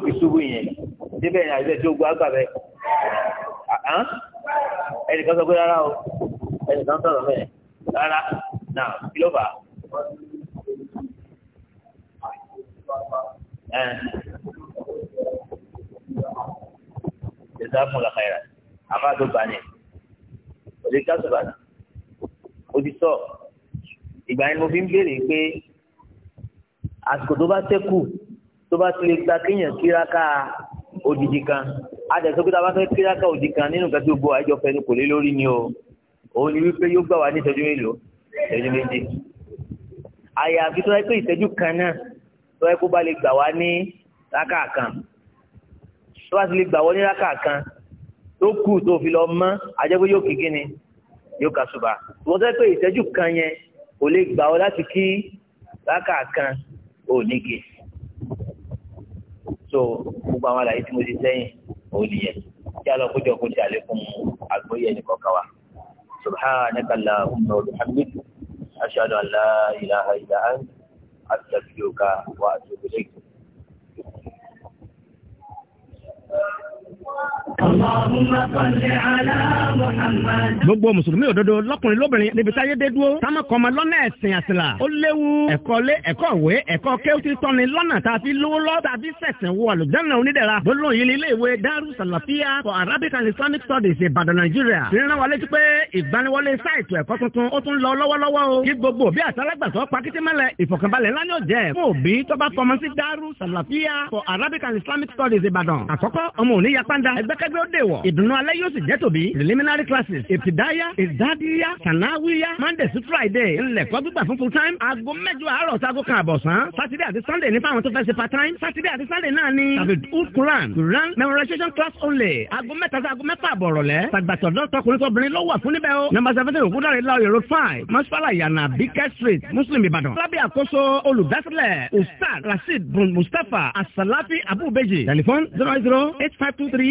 ẹnìkan sọ pé rárá o ẹnìkan sọ̀rọ̀ bẹ́ẹ̀ rárá náà kí ló fà á. jazakum la khaira àmà tó bá ní òde káṣọ bá ní òde sọ ìgbà yẹn mo fi ń béèrè pé àsìkò tó bá ṣẹ́kù tó bá ti lè gba kéèyàn kíráká odidi kan àdẹ̀sọ́ pé tá a bá fẹ́ kíláka òdì kan nínú nǹkan tí gbogbo àjọ fẹnu kò lé lórí ni o òun ni wípé yóò gbà wá ní ìṣẹ́jú mélòó ìṣẹ́jú méjì àyàfi tó yẹ pé ìṣẹ́jú kan náà tó yẹ kó bá lè gbà wá ní rákà kan tó bá ti lè gbà wọ́n ní rákà kan tó kù tó fi lọ mọ́ àjẹ́ yóò kí kí yóò kà ṣùgbà wọ́n sọ pé ìṣẹ́jú kan yẹn kò lè gbà ọ́ láti kí rákà kan ò ní so gbogbo àwọn àlàyé tí mo ti sẹ́yìn òun yẹn kí a lọ kójọ kó ṣe àlékún àgbóyè nìkọ̀ọ̀kan wa subhanaka allahumma wa bihamdika ashhadu an la ilaha illa anta astaghfiruka wa atubu ilayk gbogbo mùsùlùmí òdodo lọkùnrin lóbìnrin níbi táyé dé dúró táwọn kan máa lọ́nà ẹ̀sìn àṣìlá ó léwu ẹ̀kọ́ lé ẹ̀kọ́ ìwé ẹ̀kọ́ kéwùtì tọ́ni lọ́nà tá a fi lówó lọ́ tá a fi sẹ̀sìn wọ àlùjáná onídẹ̀ra gbólóhùn yìí ní ilé ìwé Daru Salafia for Arabic and Islamic Studies Ìbàdàn Nàìjíríà ìrìnà wa létí pé ìgbaniwọlé sáìtù ẹ̀kọ́ tuntun ó tún lọ lọ́wọ́lọ́wọ́ o kí gbogbo bí àtàlágbàsọ pakitimẹ́lẹ̀ ìfọ̀kànbalẹ̀ ńlá ni ó jẹ́ fún òbí tó bá fọmọ sí Daru Salafia for Arabic and Islamic Studies Ìbàdàn àkọ́kọ́ ọmọ òní yapa dandan ẹgbẹ́kẹ́gbẹ́ ó dè wọ̀. ìdùnnú alẹ́ yóò sì jẹ́ tòbí preliminary classes ìtìdáyà ìdádíyà sànáwíyà monday sí friday ńlẹ̀kọ́ gbígbà fún full time aago mẹ́jọ àárọ̀ sago kan àbọ̀sán saturday àti sunday ní fáwọn tó fẹ́ ṣe part time saturday àti sunday náà ni david hood quran quran memorization class only aago mẹ́ta sí aago mẹ́fà àbọ̀rọ̀ lẹ́ tàgbàtọ̀dọ̀ tọkùnrin tobìnrin ló wà fún níbẹ̀ o number seventeen òkúta rẹ̀ láòyè road five masipala yana bika street muslim ìbàdàn lábẹ́ àkóso olùdásílẹ̀ ustaz rasheed mustapha asalafi abubeji telephone zero zero eight five two three